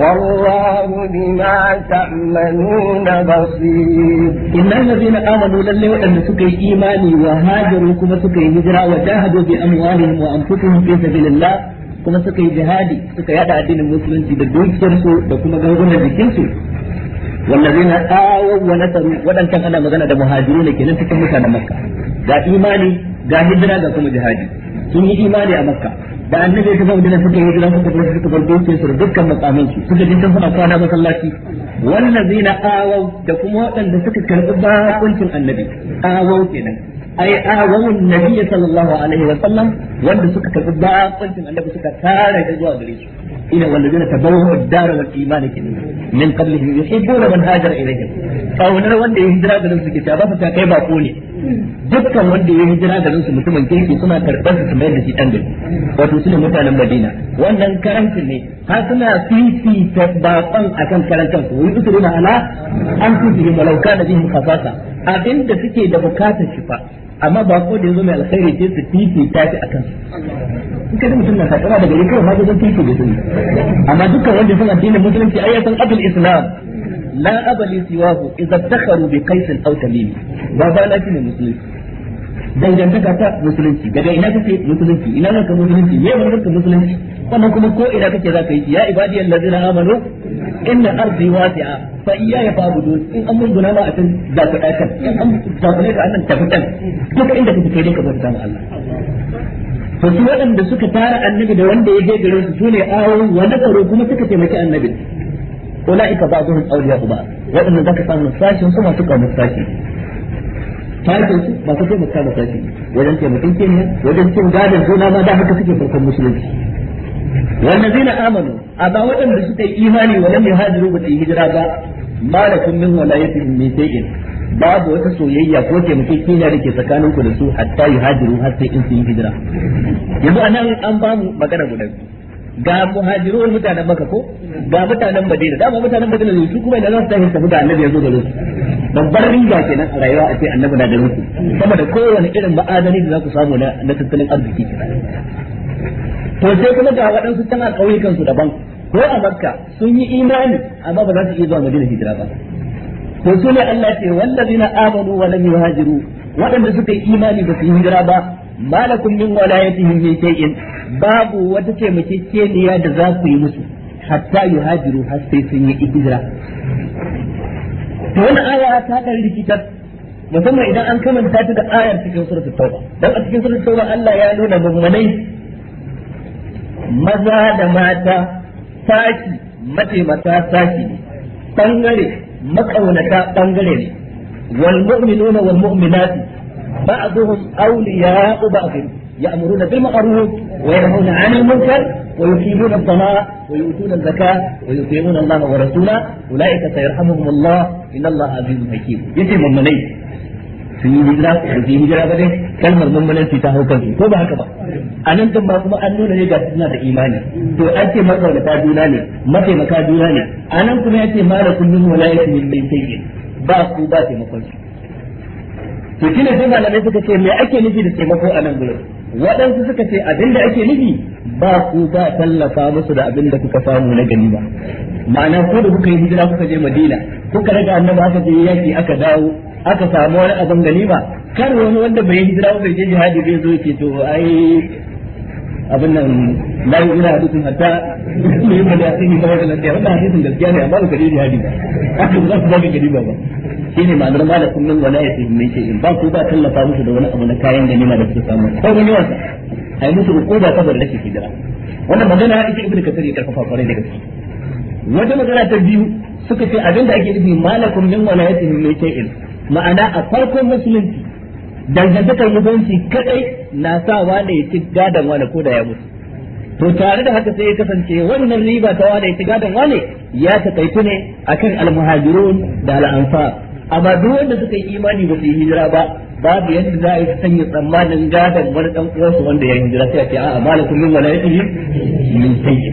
والله بما تعملون بصير إن الذين آمنوا لله وأن سكي إيماني وهاجروا كما سكي هجرا وجاهدوا بأموالهم وأنفسهم في سبيل الله كما سكي جهادي سكي يدع دين المسلم في الدول كرسو وكما قلقنا بكرسو والذين آووا ونسروا ودن كان أنا مغنى دا مهاجرون كنا سكي مكان مكة دا إيماني دا هجرا دا كما جهادي sun yi imani a makka da annabi ya tafi da suka yi jira suka tafi suka bar dokin su dukkan makamin su suka ji sun fada kwana masallaci wallazina awau da kuma waɗanda suka karɓi bakuncin annabi awau kenan ai awawun nabiyyi sallallahu alaihi wa sallam wanda suka karɓi bakuncin annabi suka tara da zuwa gare su. ina wallazina tabawwa ad-dara wal iman kenan min qablihim yuhibbuna man hajara ilayhim kaunar wanda ya hijira da su ke ta ba ta kai bako ne dukkan wanda ya hijira garin su mutumin kirki suna karɓar su kamar da shi dan gari wato su ne mutanen Madina wannan karancin ne Ha suna fifita baƙon akan karantar su wani su rina ala an su bihi malauka da jihin kafasa abinda suke da bukata shi fa amma ko da yazo mai alkhairi ce su fi shi akan su kada mutum na sakara daga gari kawai ma zai fifi da su amma dukkan wanda suna addinin musulunci ayyukan abin abul islam la abali siwahu idza dakharu bi qais aw tamim baba na musulunci dangantaka musulunci daga ina kake musulunci ina nan musulunci me ban musulunci wannan kuma ko ina kake zaka yi ya ibadiyal ladina amanu inna ardi wasi'a fa iyaya fa'budun in an mun a can za ka dakan in an za ka dakan nan tafi can duka inda kake kai ka bauta ma Allah to waɗanda suka tara annabi da wanda ya je garin sune awo wa nakaru kuma suka taimaki annabi ulaika ba'dhum awliya'u ba'd wadannan zaka samu sashin su masu kawo sashi sashin su masu kawo kawo sashi wajen ce mutum wajen cin gadon juna ma da haka suke farkon musulunci والذين آمنوا أبا وأن رسول إيماني ولم يهاجروا بالهجرة ما لكم من ولايتهم من شيء babu wata soyayya ko taimakekeniya da ke tsakaninku da su hatta yi hajiru har sai in sun yi hijira yanzu anan an bamu magana guda ga muhajirun mutanen maka ko ga mutanen madina dama mutanen madina ne su kuma idan za su tafi tafi da annabi ya zo da su babbar riba kenan a rayuwa a ce annabi na garin su saboda kowane irin ma'adani da za ku samu na tattalin arziki to sai kuma ga waɗansu tana ƙauyukan su daban ko a makka sun yi imani amma ba za su iya zuwa madina hijira ba to su ne Allah ce wallazina amanu wa lam yuhajiru waɗanda suka yi imani ba su yi hijira ba malakum min walayatihim min shay'in babu wata taimakekeniya da za ku yi musu hatta yuhajiru har sai sun yi hijira to wannan aya ta dan rikitar musamman idan an kamanta ta da ayar cikin suratul tauba dan a cikin suratul tauba Allah ya nuna mummunai maza da mata saki mata saki bangare makaunata bangare ne wal mu'minuna wal mu'minati بعضهم أولياء بعض يأمرون بالمعروف وينهون عن المنكر ويقيمون الصلاة ويؤتون الزكاة ويطيعون الله ورسوله أولئك سيرحمهم الله إن الله عزيز حكيم يتي ممني sun yi hijira da su yi hijira ba dai kalmar mummunanci ta hau ko ba haka ba a nan ba kuma an nuna ne ga suna da imani to an ce mazaunata juna ne mataimaka juna ne a nan kuma ya ce mara kullum wala yake min bai ba ku ba taimakon shi to shine sai malamai suka ce me ake nufi da taimako a nan gurin waɗansu suka ce abin da ake nufi ba ku ba tallafa musu da abin da kuka samu na gani ba ma'ana ko da kuka yi hijira kuka je madina kuka daga annaba aka je yaki aka dawo aka samu wani abin ba kar wani wanda bai hijira ba bai je jihadi bai zo ke to ai abin nan la hatta yi ta lafiya hadisin gaskiya ne amma ba kadi jihadi ba za su ba ma'anar wala ya tafi min shay'in ba ku ba tallafa musu da wani abu na kayan ganima da su samu ko wani wasa ai musu ukuba da rashin hijira wannan magana ita ibnu kasir ya karfafa kwarai da gaske wata magana ta biyu suka ce abinda ake nufi malakun min wala ya ma'ana a farkon musulunci dangantakar mutunci kadai na sa wane ya ci gadon wane ko da ya mutu to tare da haka sai ya kasance wannan riba ta wane ya ci gadon wane ya takaitu ne akan almuhajirun da al'anfa amma duk wanda suka yi imani ba su yi hijira ba babu yadda za a yi sanya tsammanin gadon wani dan uwansu wanda ya yi hijira sai a ce a'a malakum min yi min sayyi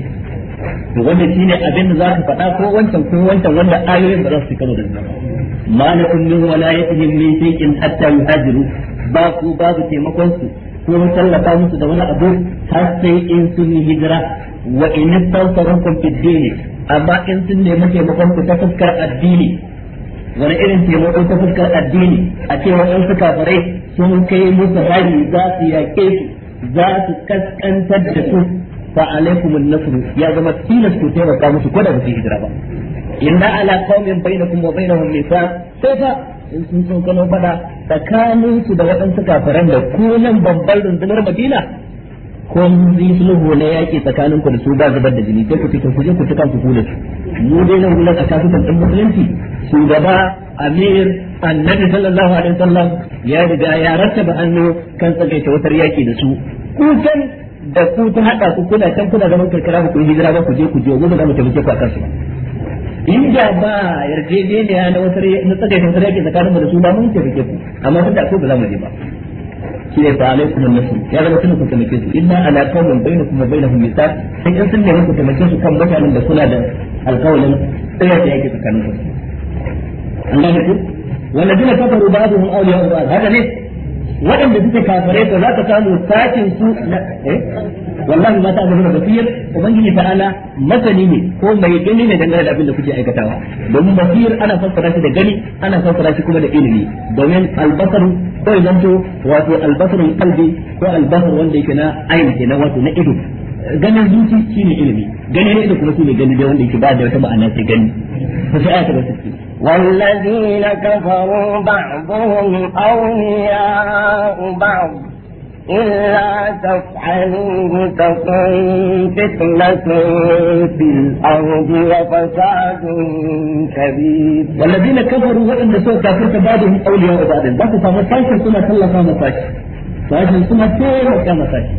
to wannan shine abin da za ka faɗa ko wancan ko wancan wanda ayoyin ba za su karo da zama. ma lakum min walayatihim min shay'in hatta yuhajiru ba ku babu taimakon su ko tallafa musu da wani abu har sai in sun yi hijira wa in tawfarukum fid din amma in sun nemi taimakon ku ta fuskar addini wani irin taimako ta fuskar addini a cewa in suka fare sun kai musu hari za su yaƙe su za su kaskantar da su fa alaikum an-nasr ya zama tilas ku taimaka musu ko da ba hijira ba inna ala qaumin bainakum wa bainahum mithaq sai fa in sun so kano fada tsakaninsu da waɗansu kafiran da ku nan babbar rundunar Madina ko mun yi sulhu na yaki tsakanin ku da su ba zubar da jini sai ku fito ku je ku tuka ku kula su mu dai nan gudan a kasukan ɗin musulunci shugaba amir annabi sallallahu alaihi wasallam ya riga ya rattaba hannu kan tsakaita wutar yaƙi da su kukan da ku ta haɗa ku kuna can kuna zaman karkara ku hijira ba ku je ku je mu da mu taimake ku a kansu inda ba yarjejeniya na wata na tsakai da wata yake tsakanin mu da su ba mun ce rike ku amma da ko ba za mu je ba shi ne fa alaikum annasu ya zama tun ku tamake su illa ala qawmin bainakum wa bainahum mithaq sai in sun nemi ku tamake su kan mutanen da suna da alƙawalin tsaya da yake tsakanin su an gane ku والذين كفروا بعضهم أولياء بعض هذا ليه؟ وإن بتتكافرين فلا za ta samu لا إيه؟ wallahi ma ta'lamu basir ubangiji ta'ala masani ne ko mai gani ne dangane da abin da kuke aikatawa domin basir ana fassara shi da gani ana fassara shi kuma da ilimi domin albasaru ko yanzu wato albasarun qalbi ko albasar wanda yake na ayin na wato na ido ganin zuci shine ilimi ganin ido kuma shine gani da wanda yake ba da wata ma'ana sai gani sai ayata ba take والذين كفروا بعضهم أولياء بعض إلا تفعلوه تكن فتنة في الأرض وفساد كبير والذين كفروا وإن سوى كافرة بعضهم أولياء بعض ذاك فمساشا سنة الله فمساشا فاشا سنة سيرا كمساشا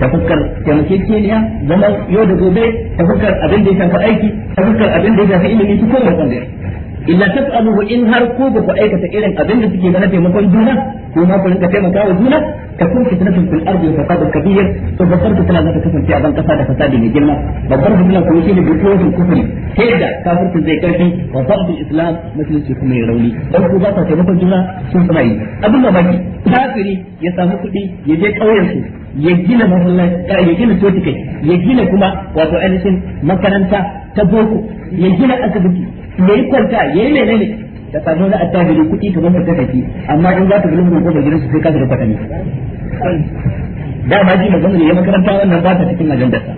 tafukkar تفكر zama yau da gobe tafukkar abin da ya shafi aiki tafukkar abin da ya shafi ilimi ta illa taf'aluhu in har ku ba ku aikata irin abin da suke na taimakon juna ko ma ku rinka taimaka wa juna ka kun fitnatun fil ardi wa fasadun kabir to babbar fitna za ta kasance a ban kasa da fasadi mai girma babbar fitna kuma shine bukutun kufri sai da kafircin zai karfi wa fadl islam musulunci kuma ya rauni dan ku ba ta taimakon juna sun suna yi abin da baki kafiri ya samu kuɗi ya je kauyen su ya gina masallaci ya gina totikai ya gina kuma wato ainihin makaranta ta boko ya gina asibiti ya yi kwanta ya yi menene da samu na attajiri kuɗi kamar mutum kake amma in za ka gurin mun gobe gidan su sai ka da kwatani dama ji magana ne ya makaranta wannan ba ta cikin ajandarsa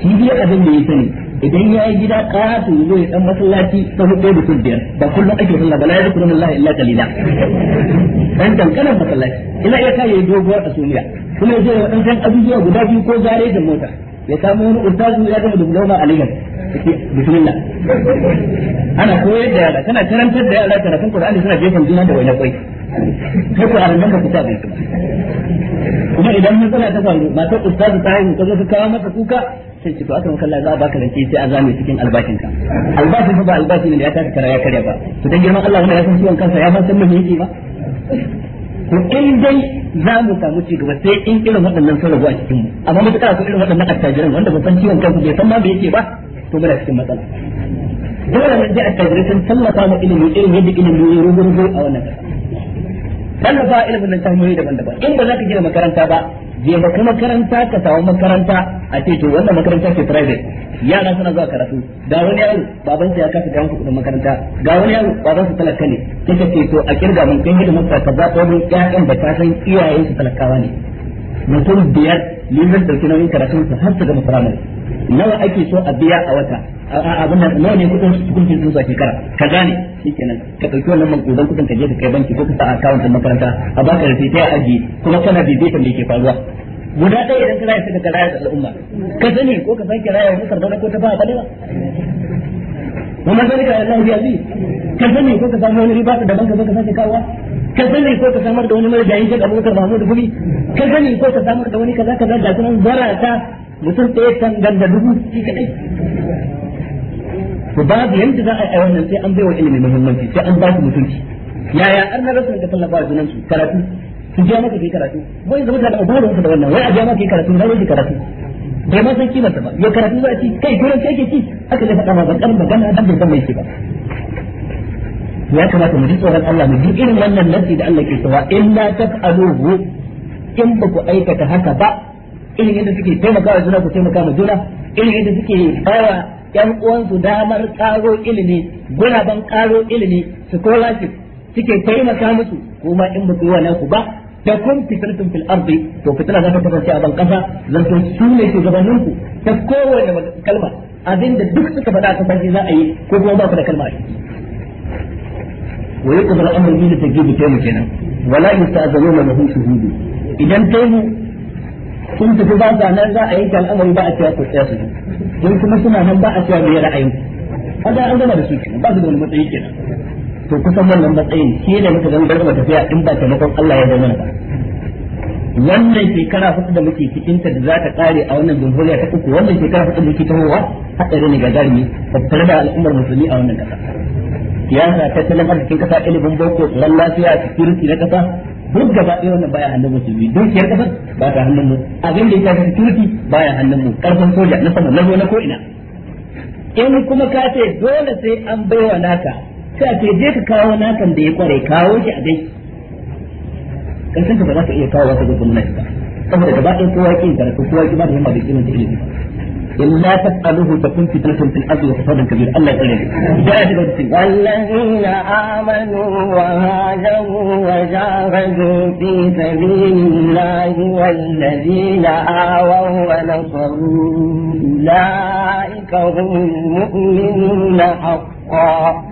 shi biya abin da ya sani idan ya yi gida karatu ya zo ya dan masallaci ta hudu da sun biyar ba kullum ake sallah ba la yadkurun Allah illa qalila dan dankanan masallaci ina iya kai doguwar asumiya kuma ya zo ya dan san abubuwa guda biyu ko zare da mota ya samu wani ustazu ya gama diploma a Legas bismillah ana koyar da yara kana karantar da yara karatun Qur'ani suna jefan juna da wani kwai kai ko aran ka kusa bai kuma idan matsala ta faru matar ustazu ta haihu ta zo ka kawo mata kuka sai ki to aka maka Allah za a baka rance sai a zame cikin albashin ka albashin ba albashin ne da ya tafi kara ya karya ba to dan girman Allah wanda ya san ciwon kansa ya san mun yake ba ko in dai za mu samu ci gaba sai in irin waɗannan sun rabu a cikin mu amma tsara su irin waɗannan attajiran wanda ba san ciwon kansu bai san ma bai yake ba to muna cikin matsala dole ne dai attajiran sun tallafa mu ilimi irin yadda ilimi ya rubu a wannan tallafa ilimin nan ta hanyoyi daban-daban in ba za ka gina makaranta ba je ka makaranta ka samu makaranta a ce to wannan makaranta ce private yara suna zuwa karatu ga wani yaro baban sa ya kasa ga kuɗin makaranta ga wani yaro baban sa talaka ne kika ce to a kirga mun kan hidimar ka kaza ko mun ƴaƴan da ta san iyayen su talakawa ne mutum biyar limin dauki nauyin karatun su har su gama firamare nawa ake so a biya a wata abin nan nawa ne kudin kudin sun zuwa shekara ka gane shikenan ka dauki wannan mankudan kudin ka je ka kai banki ko ka sa account din makaranta a baka rufe ta aji kuma kana bibitan da yake faruwa guda ɗaya idan kana sai ka rayar da al'umma ka sani ko ka san kiraya wani musar ko ta ba balewa kuma sai ka Allah ya zai ka sani ko ka samu wani riba da banka ka sake kawo ka sani ko ka samar da wani mara jayin da Abubakar Mahmud Gumi ka sani ko ka samar da wani kaza kaza da sunan zarata mutum ɗaya kan ganda dubu shi kaɗai to babu yanzu za a yi wannan sai an baiwa ilimi muhimmanci sai an ba su mutunci yaya an na rasu da tallafa junan su karatu su ja maka kai karatu wai zama ta da ubaru da wannan wai a ja maka kai karatu na wai karatu bai ma san kimanta ba yau karatu za a ci kai gurin kai ke ci aka ne faɗa ma ƙarin magana dan bai san mai ke ba ya kamata mu ji tsoron Allah mu ji irin wannan nasi da Allah ke in na illa taf'aluhu in ba ku aikata haka ba irin yadda suke taimaka taimakawa juna su taimaka ma juna irin yadda suke bawa yan uwansu damar karo ilimi gulaban karo ilimi scholarship suke taimaka musu kuma in ba su yi ku ba da kun fitnatun fil arzi to fitna za ta kasance a ban kasa zan to su ne ku ta kowace kalma abin da duk suka faɗa ta sai za a yi ko kuma ba ku da kalma a wa yaqbal amru bi tajib taymu kenan wala yasta'zaluna lahu shuhudu idan taimu. sun tafi ba sa nan za a ta al'amari ba a cewa ku tsaya su ji don kuma suna nan ba a cewa me ra'ayin ga an gama da su kenan ba su da wani matsayi kenan to kusan wannan matsayin shi ne muka zama garba tafiya in ba taimakon Allah ya zama ba wannan shekara hudu da muke cikin ta da za ta kare a wannan jamhuriya ta uku wannan shekara hudu da muke tahowa hadari ne ga garmi tattare da al'ummar musulmi a wannan kasa siyasa tattalin arzikin kasa ilimin boko tsaron lafiya security na kasa duk gaba ɗaya wannan baya hannun musulmi siyar kasa ba ta hannun mu abin da ya shafi security baya hannun mu karfin soja na sama na zo na ko ina in kuma ka ce dole sai an baiwa naka sai ce je ka kawo nakan da ya kware kawo shi a dai karshen ka ba za ka iya kawo wata gwamnati ba saboda gaba ɗaya kowa ya ba da kowa ya ƙi ba da yamma da ƙirin da ilimi إلا تفعلوه تكون فتنة في الأرض وفساد كبير الله لك والذين آمنوا وهاجروا وجاهدوا في سبيل الله والذين آووا ونصروا أولئك هم المؤمنون حقا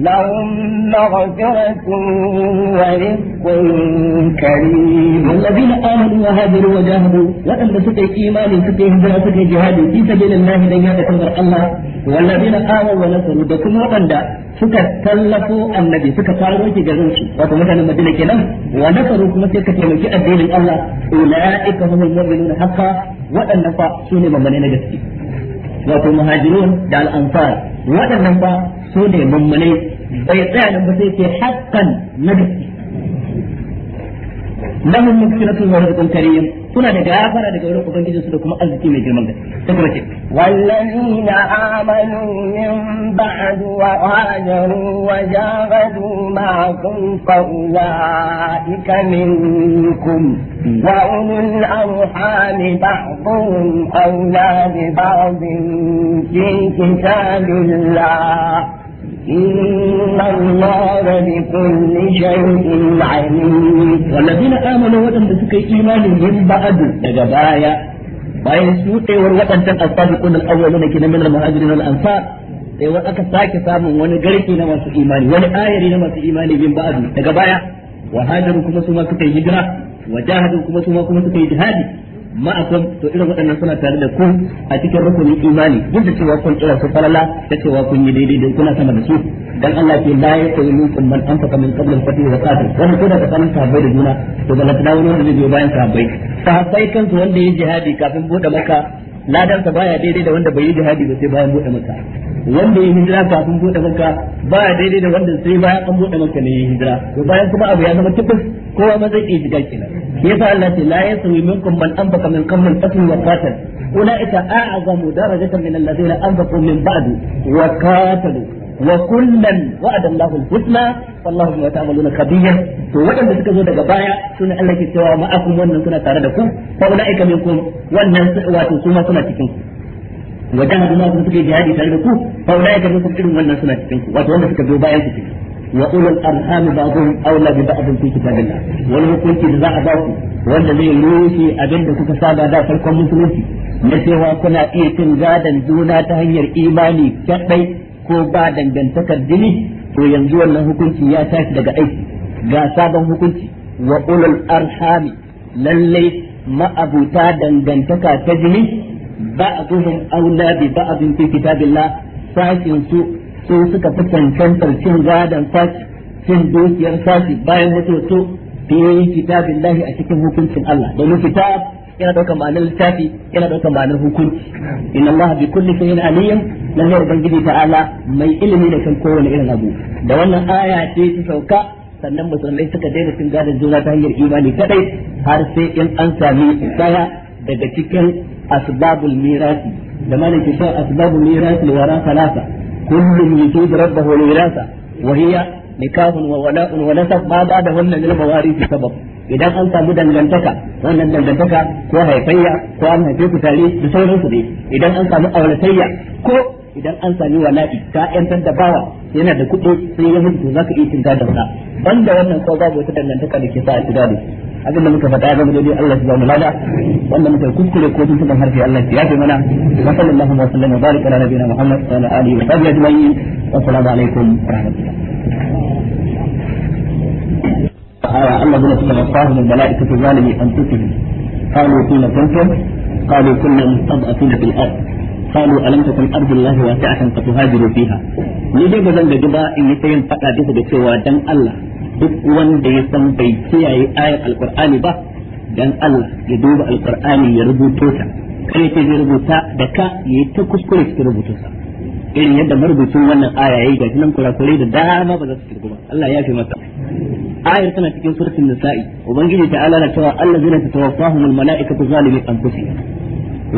لهم مغفرة ورزق كريم الذين آمنوا وهاجروا وجاهدوا وأن سكي إيمان سكي هجرة سكي جهاد في سبيل الله لن يتكبر الله والذين آمنوا ونصروا بكم وقندا suka tallafo annabi suka faro garin su wato mutanen madina kenan wa nasaru kuma sai ka taimaki addinin Allah ulaika humul mu'minuna haqqa fa sune mamane na gaske su ne mummunai bai tsaya nan ba sai ce haqqan na gaske lahum maghfiratun wa rizqun karim suna da gafara daga wurin ubangijin su da kuma arziki mai girman gaske sai kuma ce wallazina amanu min ba'du wa hajaru wa jahadu ma'akum fa ulaika minkum wa ulul arham ba'dhum awla bi ba'd fi kitabillah إن الله بكل شيء عليم والذين آمنوا وتم بسكي إيمان من بعد دجبايا bayan shuɗewar waɗancan asabiqun al-awwalun kenan min al-muhajirin wal sai wa aka sake samun wani garki na masu imani wani ayari na masu imani bin ba'adu daga baya wa hajaru kuma su ma yi hijira wa jahadu kuma su ma yi jihadi ma'akum to irin waɗannan suna tare da ku a cikin rukunin imani duk da cewa kun kira su falala da cewa kun yi daidai da kuna sama da su dan Allah ke la ya tayi kun man anfaqa min qabl al fati wa qatil wani ko da tsakanin da juna to da lafiya wani da zai biyo bayan sahabbai sahabbai kansu wanda ya jihadi kafin bude maka ladansa baya daidai da wanda bai yi jihadi ba sai bayan bude maka wanda ya hijira kafin bude maka baya daidai da wanda sai bayan an bude maka ne ya hijira to bayan kuma abu ya zama tibis kowa ma zai iya shiga kenan yasa Allah ce la yasawi minkum man anfaqa min qabl qatl wa qatal ulaika a'zamu darajatan min alladhina anfaqu min ba'du wa qatalu wa kullan wa'ada Allahu al-husna wallahu bima ta'maluna khabir to waɗanda suka zo daga baya da ku fa wanda وأولو الأرحام بعضهم أولى ببعض في كتاب الله ولو كنت جزاء zai rushe abin kuka saba farkon musulunci na cewa kuna iya cin juna ta hanyar imani kaɗai ko ba dangantakar jini to yanzu wannan hukunci ya tashi daga aiki ga sabon hukunci wa ulul arhami lalle ma'abuta dangantaka ta jini Ba a tuhum aula bi ba'din fi kitabillah sashin su su suka fi cin gadon sashi cin dukiyar sashi bayan mutuwa su fi kitabillahi a cikin hukuncin Allah domin kitab yana daukan ma'anar littafi yana daukan ma'anar hukunci inna allaha bi kulli shay'in alim lan ubangiji ta'ala mai ilimi da kan kowane irin abu da wannan aya ce ta sauka sannan musulmai suka daina cin gadon juna ta hanyar imani kadai har sai in an sami daya daga cikin asbabul mirasi da malaki shi asbabul mirasi wara salasa kullum yusudu rabbahu lirasa وهي نكاح da ونسب ما بعدهن su sabab. idan an samu dangantaka wannan dangantaka ko haifayya ko an haife ku tare da sauransu ne idan an samu auratayya ko idan an sami wala'i ka yantar da bawa yana da kuɗi sai ya mutu zaka iya cin da sa banda wannan ko babu wata dangantaka da ke sa a ci gado abin da muka faɗa zama daidai Allah subhanahu wa ta'ala wanda muka kuskure ko tun kan harfi Allah ya fi mana wa sallallahu wa sallam wa baraka ala nabiyina Muhammad wa ala alihi wa sahbihi ajma'in wa assalamu alaikum wa rahmatullahi آية الذين تتوفاهم الملائكة a أنفسهم قالوا فيما كنتم قالوا كنا مستضعفين في الأرض akan ألم تكن أرض الله واسعة فتهاجروا فيها نجي بزن جبا إن يتين فقا da cewa dan Allah duk wanda ya san bai kiyaye ayar alkur'ani ba dan Allah ya duba alkur'ani ya rubuto ta kai ce zai rubuta da ka yayi ta kuskure ki rubuto sa irin yadda marubucin wannan aya yayi ga nan kurakure da dama ba za su kirgu ba ayar tana cikin suratul nisa'i ubangiji ta'ala na cewa allazina tatawaffahumul mala'ikatu zalimi anfusihim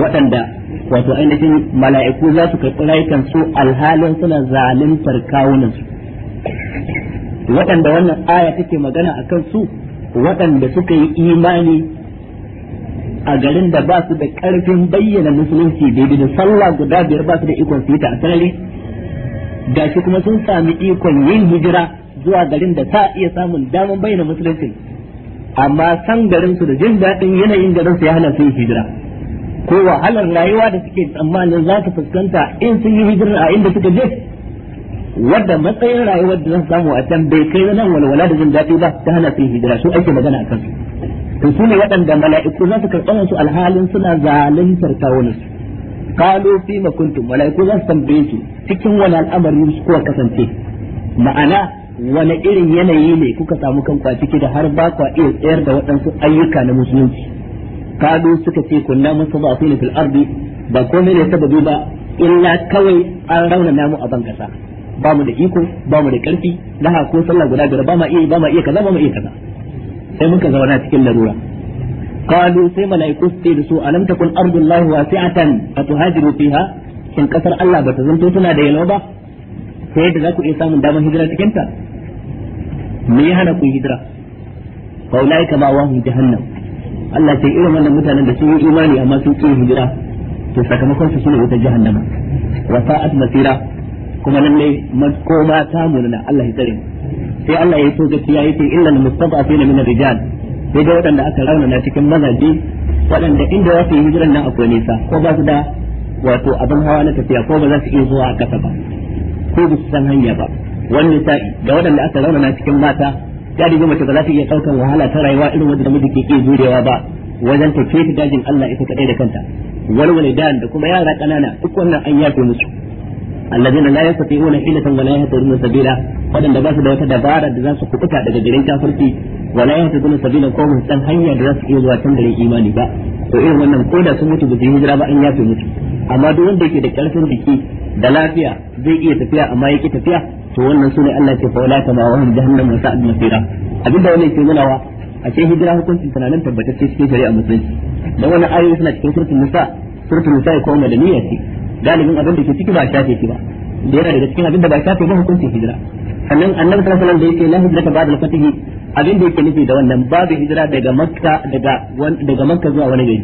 waɗanda wato ainihin mala'iku za su karɓi rayukan su alhalin suna zalimtar kawunan su waɗanda wannan aya take magana a kan su waɗanda suka yi imani a garin da ba su da ƙarfin bayyana musulunci daidai da sallah guda biyar ba su da ikon su yi ta a sarari gashi kuma sun sami ikon yin hijira zuwa garin da ta iya samun daman bayyana musulunci amma san garin su da jin daɗin yanayin garin su ya hana su hijira ko wahalar rayuwa da suke tsammanin za su fuskanta in sun yi hijira a inda suka je wadda matsayin rayuwar da za su samu a can bai kai nan walwala da jin daɗi ba ta hana su hijira su ake magana a su? to su ne waɗanda mala'iku za su karɓar su alhalin suna zaluntar kawunansu kalo fi makuntum mala'iku za su tambaye su cikin wani al'amarin su kuwa kasance ma'ana wani irin yanayi ne kuka samu kanku a ciki da har ba kwa iya tsayar da waɗansu ayyuka na musulunci Kado suka ce kunna a fil ardi ba komai ne sababi ba illa kawai an rauna namu a ban kasa ba mu da iko ba mu da karfi laha ko sallah guda biyar ba ma iya ba ma iya kaza ba ma iya kaza sai muka zauna cikin larura kado sai mala'iku su ce da su alam takun ardullahi wasi'atan tuhajiru fiha kin kasar Allah ba ta zanto tana da yalwa ba ta yadda za ku iya samun damar hijira cikin ta me ya hana ku hijira fa ulai wa ma wahum jahannam Allah sai irin wannan mutanen da sun yi imani amma sun ƙi hijira to sakamakon su shine wutar jahannam wa sa'at masira kuma nan ko ma ta munana Allah ya tsare sai Allah ya so gaskiya yace illal mustada'afina min ar-rijal sai da wadanda aka raunana cikin mazaje waɗanda inda za su yi hijiran nan akwai nisa ko ba su da wato abin hawa na tafiya ko ba za su iya zuwa a ƙasa ba ko ba su san hanya ba wani sa'i da waɗanda aka na cikin mata ya dubi mace ba za ta iya ɗaukar wahala ta rayuwa irin wanda namiji ke iya jurewa ba wajen ta ke dajin Allah ita kaɗai da kanta walwale dan da kuma yara ƙanana duk wannan an yafe musu الذين لا يستطيعون حيلة ولا يهتدون سبيلا فدن da basu da wata dabara da za su kubuta daga garin kafirci wala yahtaduna sabila ko mun san hanya da za su iya zuwa can garin imani ba to irin wannan ko da su mutu ba su hijira ba an yafe musu amma duk da karfin da lafiya zai iya tafiya amma yake tafiya to wannan sune Allah ke wala ta ma wahum jahannamu sa'ad masira abinda wannan ke nuna wa a ce hijira hukuncin tunanin tabbatacce cikin shari'a musulunci dan wannan ayoyi suna cikin suratul nisa suratul nisa ko madaniyya ce galibin abin da ke ciki ba shafe ki ba da yana daga cikin abin da ba shafe ba hukuncin hijira sannan annabi sallallahu alaihi wasallam da yake la hijrata ba'da al-fatih abin da yake nufi da wannan babu hijira daga makka daga daga makka zuwa wani gari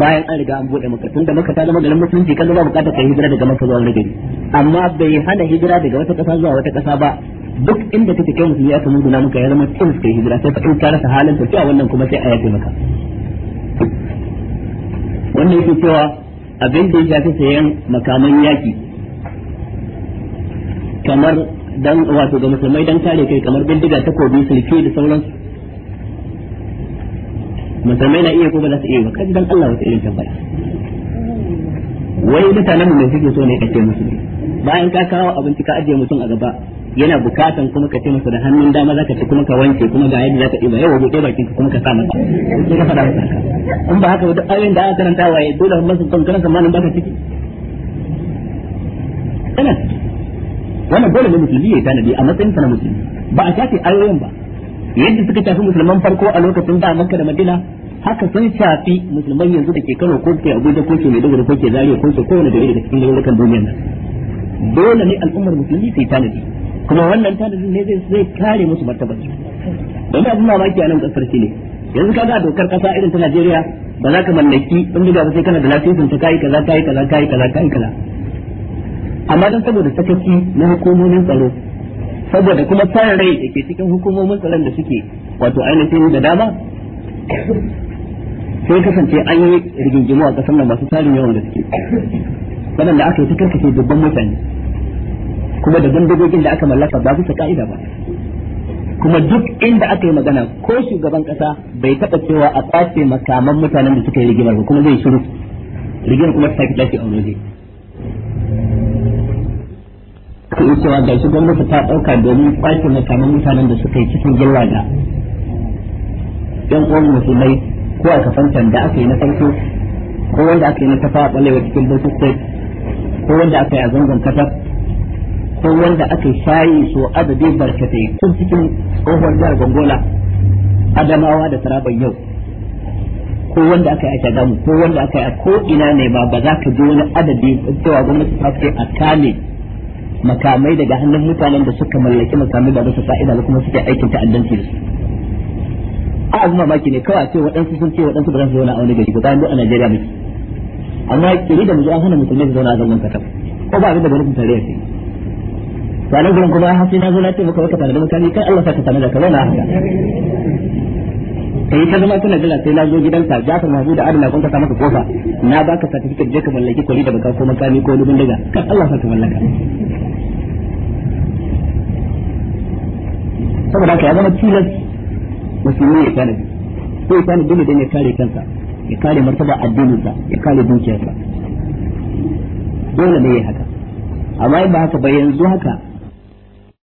bayan an riga an bude maka tunda maka ta zama garin musulunci kan zama bukata kai hijira daga maka zuwa wani gari amma bai hana hijira daga wata kasa zuwa wata kasa ba duk inda kake kai musulmi ya kamu guna maka ya zama cikin kai hijira sai in ka rasa halin tafiya wannan kuma sai a yake maka wannan yake cewa abin da ya shafi sayan makaman yaki kamar dan wato ga musulmai dan kare kai kamar bindiga takobi sulke da sauransu musulmai na iya ko ba za su iya ba kaji dan Allah wata irin tambaya wai mutanen mu mai suke so ne kace musu bayan ka kawo abinci ka ajiye mutum a gaba yana bukatan kuma ka ce masa da hannun dama zaka ci kuma ka wanke kuma ga yadda zaka ɗiba yawa buɗe bakin kuma ka sa masa sai ka faɗa masa in ba haka ba duk ayoyin da aka karanta waye dole kuma sun kana tsammanin baka ciki kana wannan dole ne musulmi ya tanadi a matsayin sa na musulmi ba a kace ayoyin ba yadda suka shafi musulman farko a lokacin da Makka da Madina haka sun shafi musulman yanzu da ke Kano ko ke Abuja ko ke Maiduguri ko ke Zaria ko ke kowane gari daga cikin garurukan duniya nan dole ne al'ummar musulmi su yi tanadi kuma wannan tanadin ne zai zai kare musu martaba su don abin mamaki a nan kasar shi ne yanzu ka ga dokar kasa irin ta Najeriya ba za ka mallaki bindiga ba sai kana da lasisin ta kai kaza kai kaza kai kaza kai kaza amma dan saboda sakaci na hukumomin tsaro saboda kuma san rai da ke cikin hukumomin tsaron da suke wato ainihin da dama sai kasance an yi rigingimu a kasar nan masu tarin yawan suke waɗanda aka yi ta karkace dubban mutane kuma da bandagogin da aka mallaka ba bisa ka'ida ba kuma duk inda aka yi magana ko shugaban kasa bai taɓa cewa a ƙwace makaman mutanen da suka yi rigimar ba kuma zai shiru rigimar kuma ta sake tashi a wani suka yi cewa gashi gwamnati ta ɗauka domin kwace makaman mutanen da suka yi cikin girwa da yan uwan musulmai ko a kafantan da aka yi na farko ko wanda aka yi na kafa ɓallewa cikin Bauchi State ko wanda aka yi a zangon katab ko wanda aka yi shayi so adadi barkatai tun cikin tsohon jihar Gongola Adamawa da sarabar yau ko wanda aka yi a Shagamu ko wanda aka yi a ko ina ne ba ba za ka ji wani adadi cewa gwamnati ta ce a kame makamai daga hannun mutanen da suka mallaki makamai ba su fa'ida ba kuma suke aikin ta'addanci da su a abu mamaki ne kawai ce waɗansu sun ce waɗansu ba za su zauna a wani gari ko bayan a Najeriya muke amma kiri da mu an hana musulmai su zauna a zangon katam ko ba abin da gwamnatin tarayya ce to nan gurin kuma har ah, na zo na ce maka wata tare da mutane kai Allah saka tare da ka zauna haka kai ta zama tana gila sai na zo gidanka Jafar Mahmud da Adana kun ka maka kofa na baka certificate je ka mallaki kwari da baka ko makami ko lubin daga kan Allah sa ka mallaka saboda haka ya zama tilas musulmi ya tanadi ko ya dole don ya kare kansa ya kare martaba addininsa ya kare dukiyarsa dole ne ya haka amma in ba haka ba yanzu haka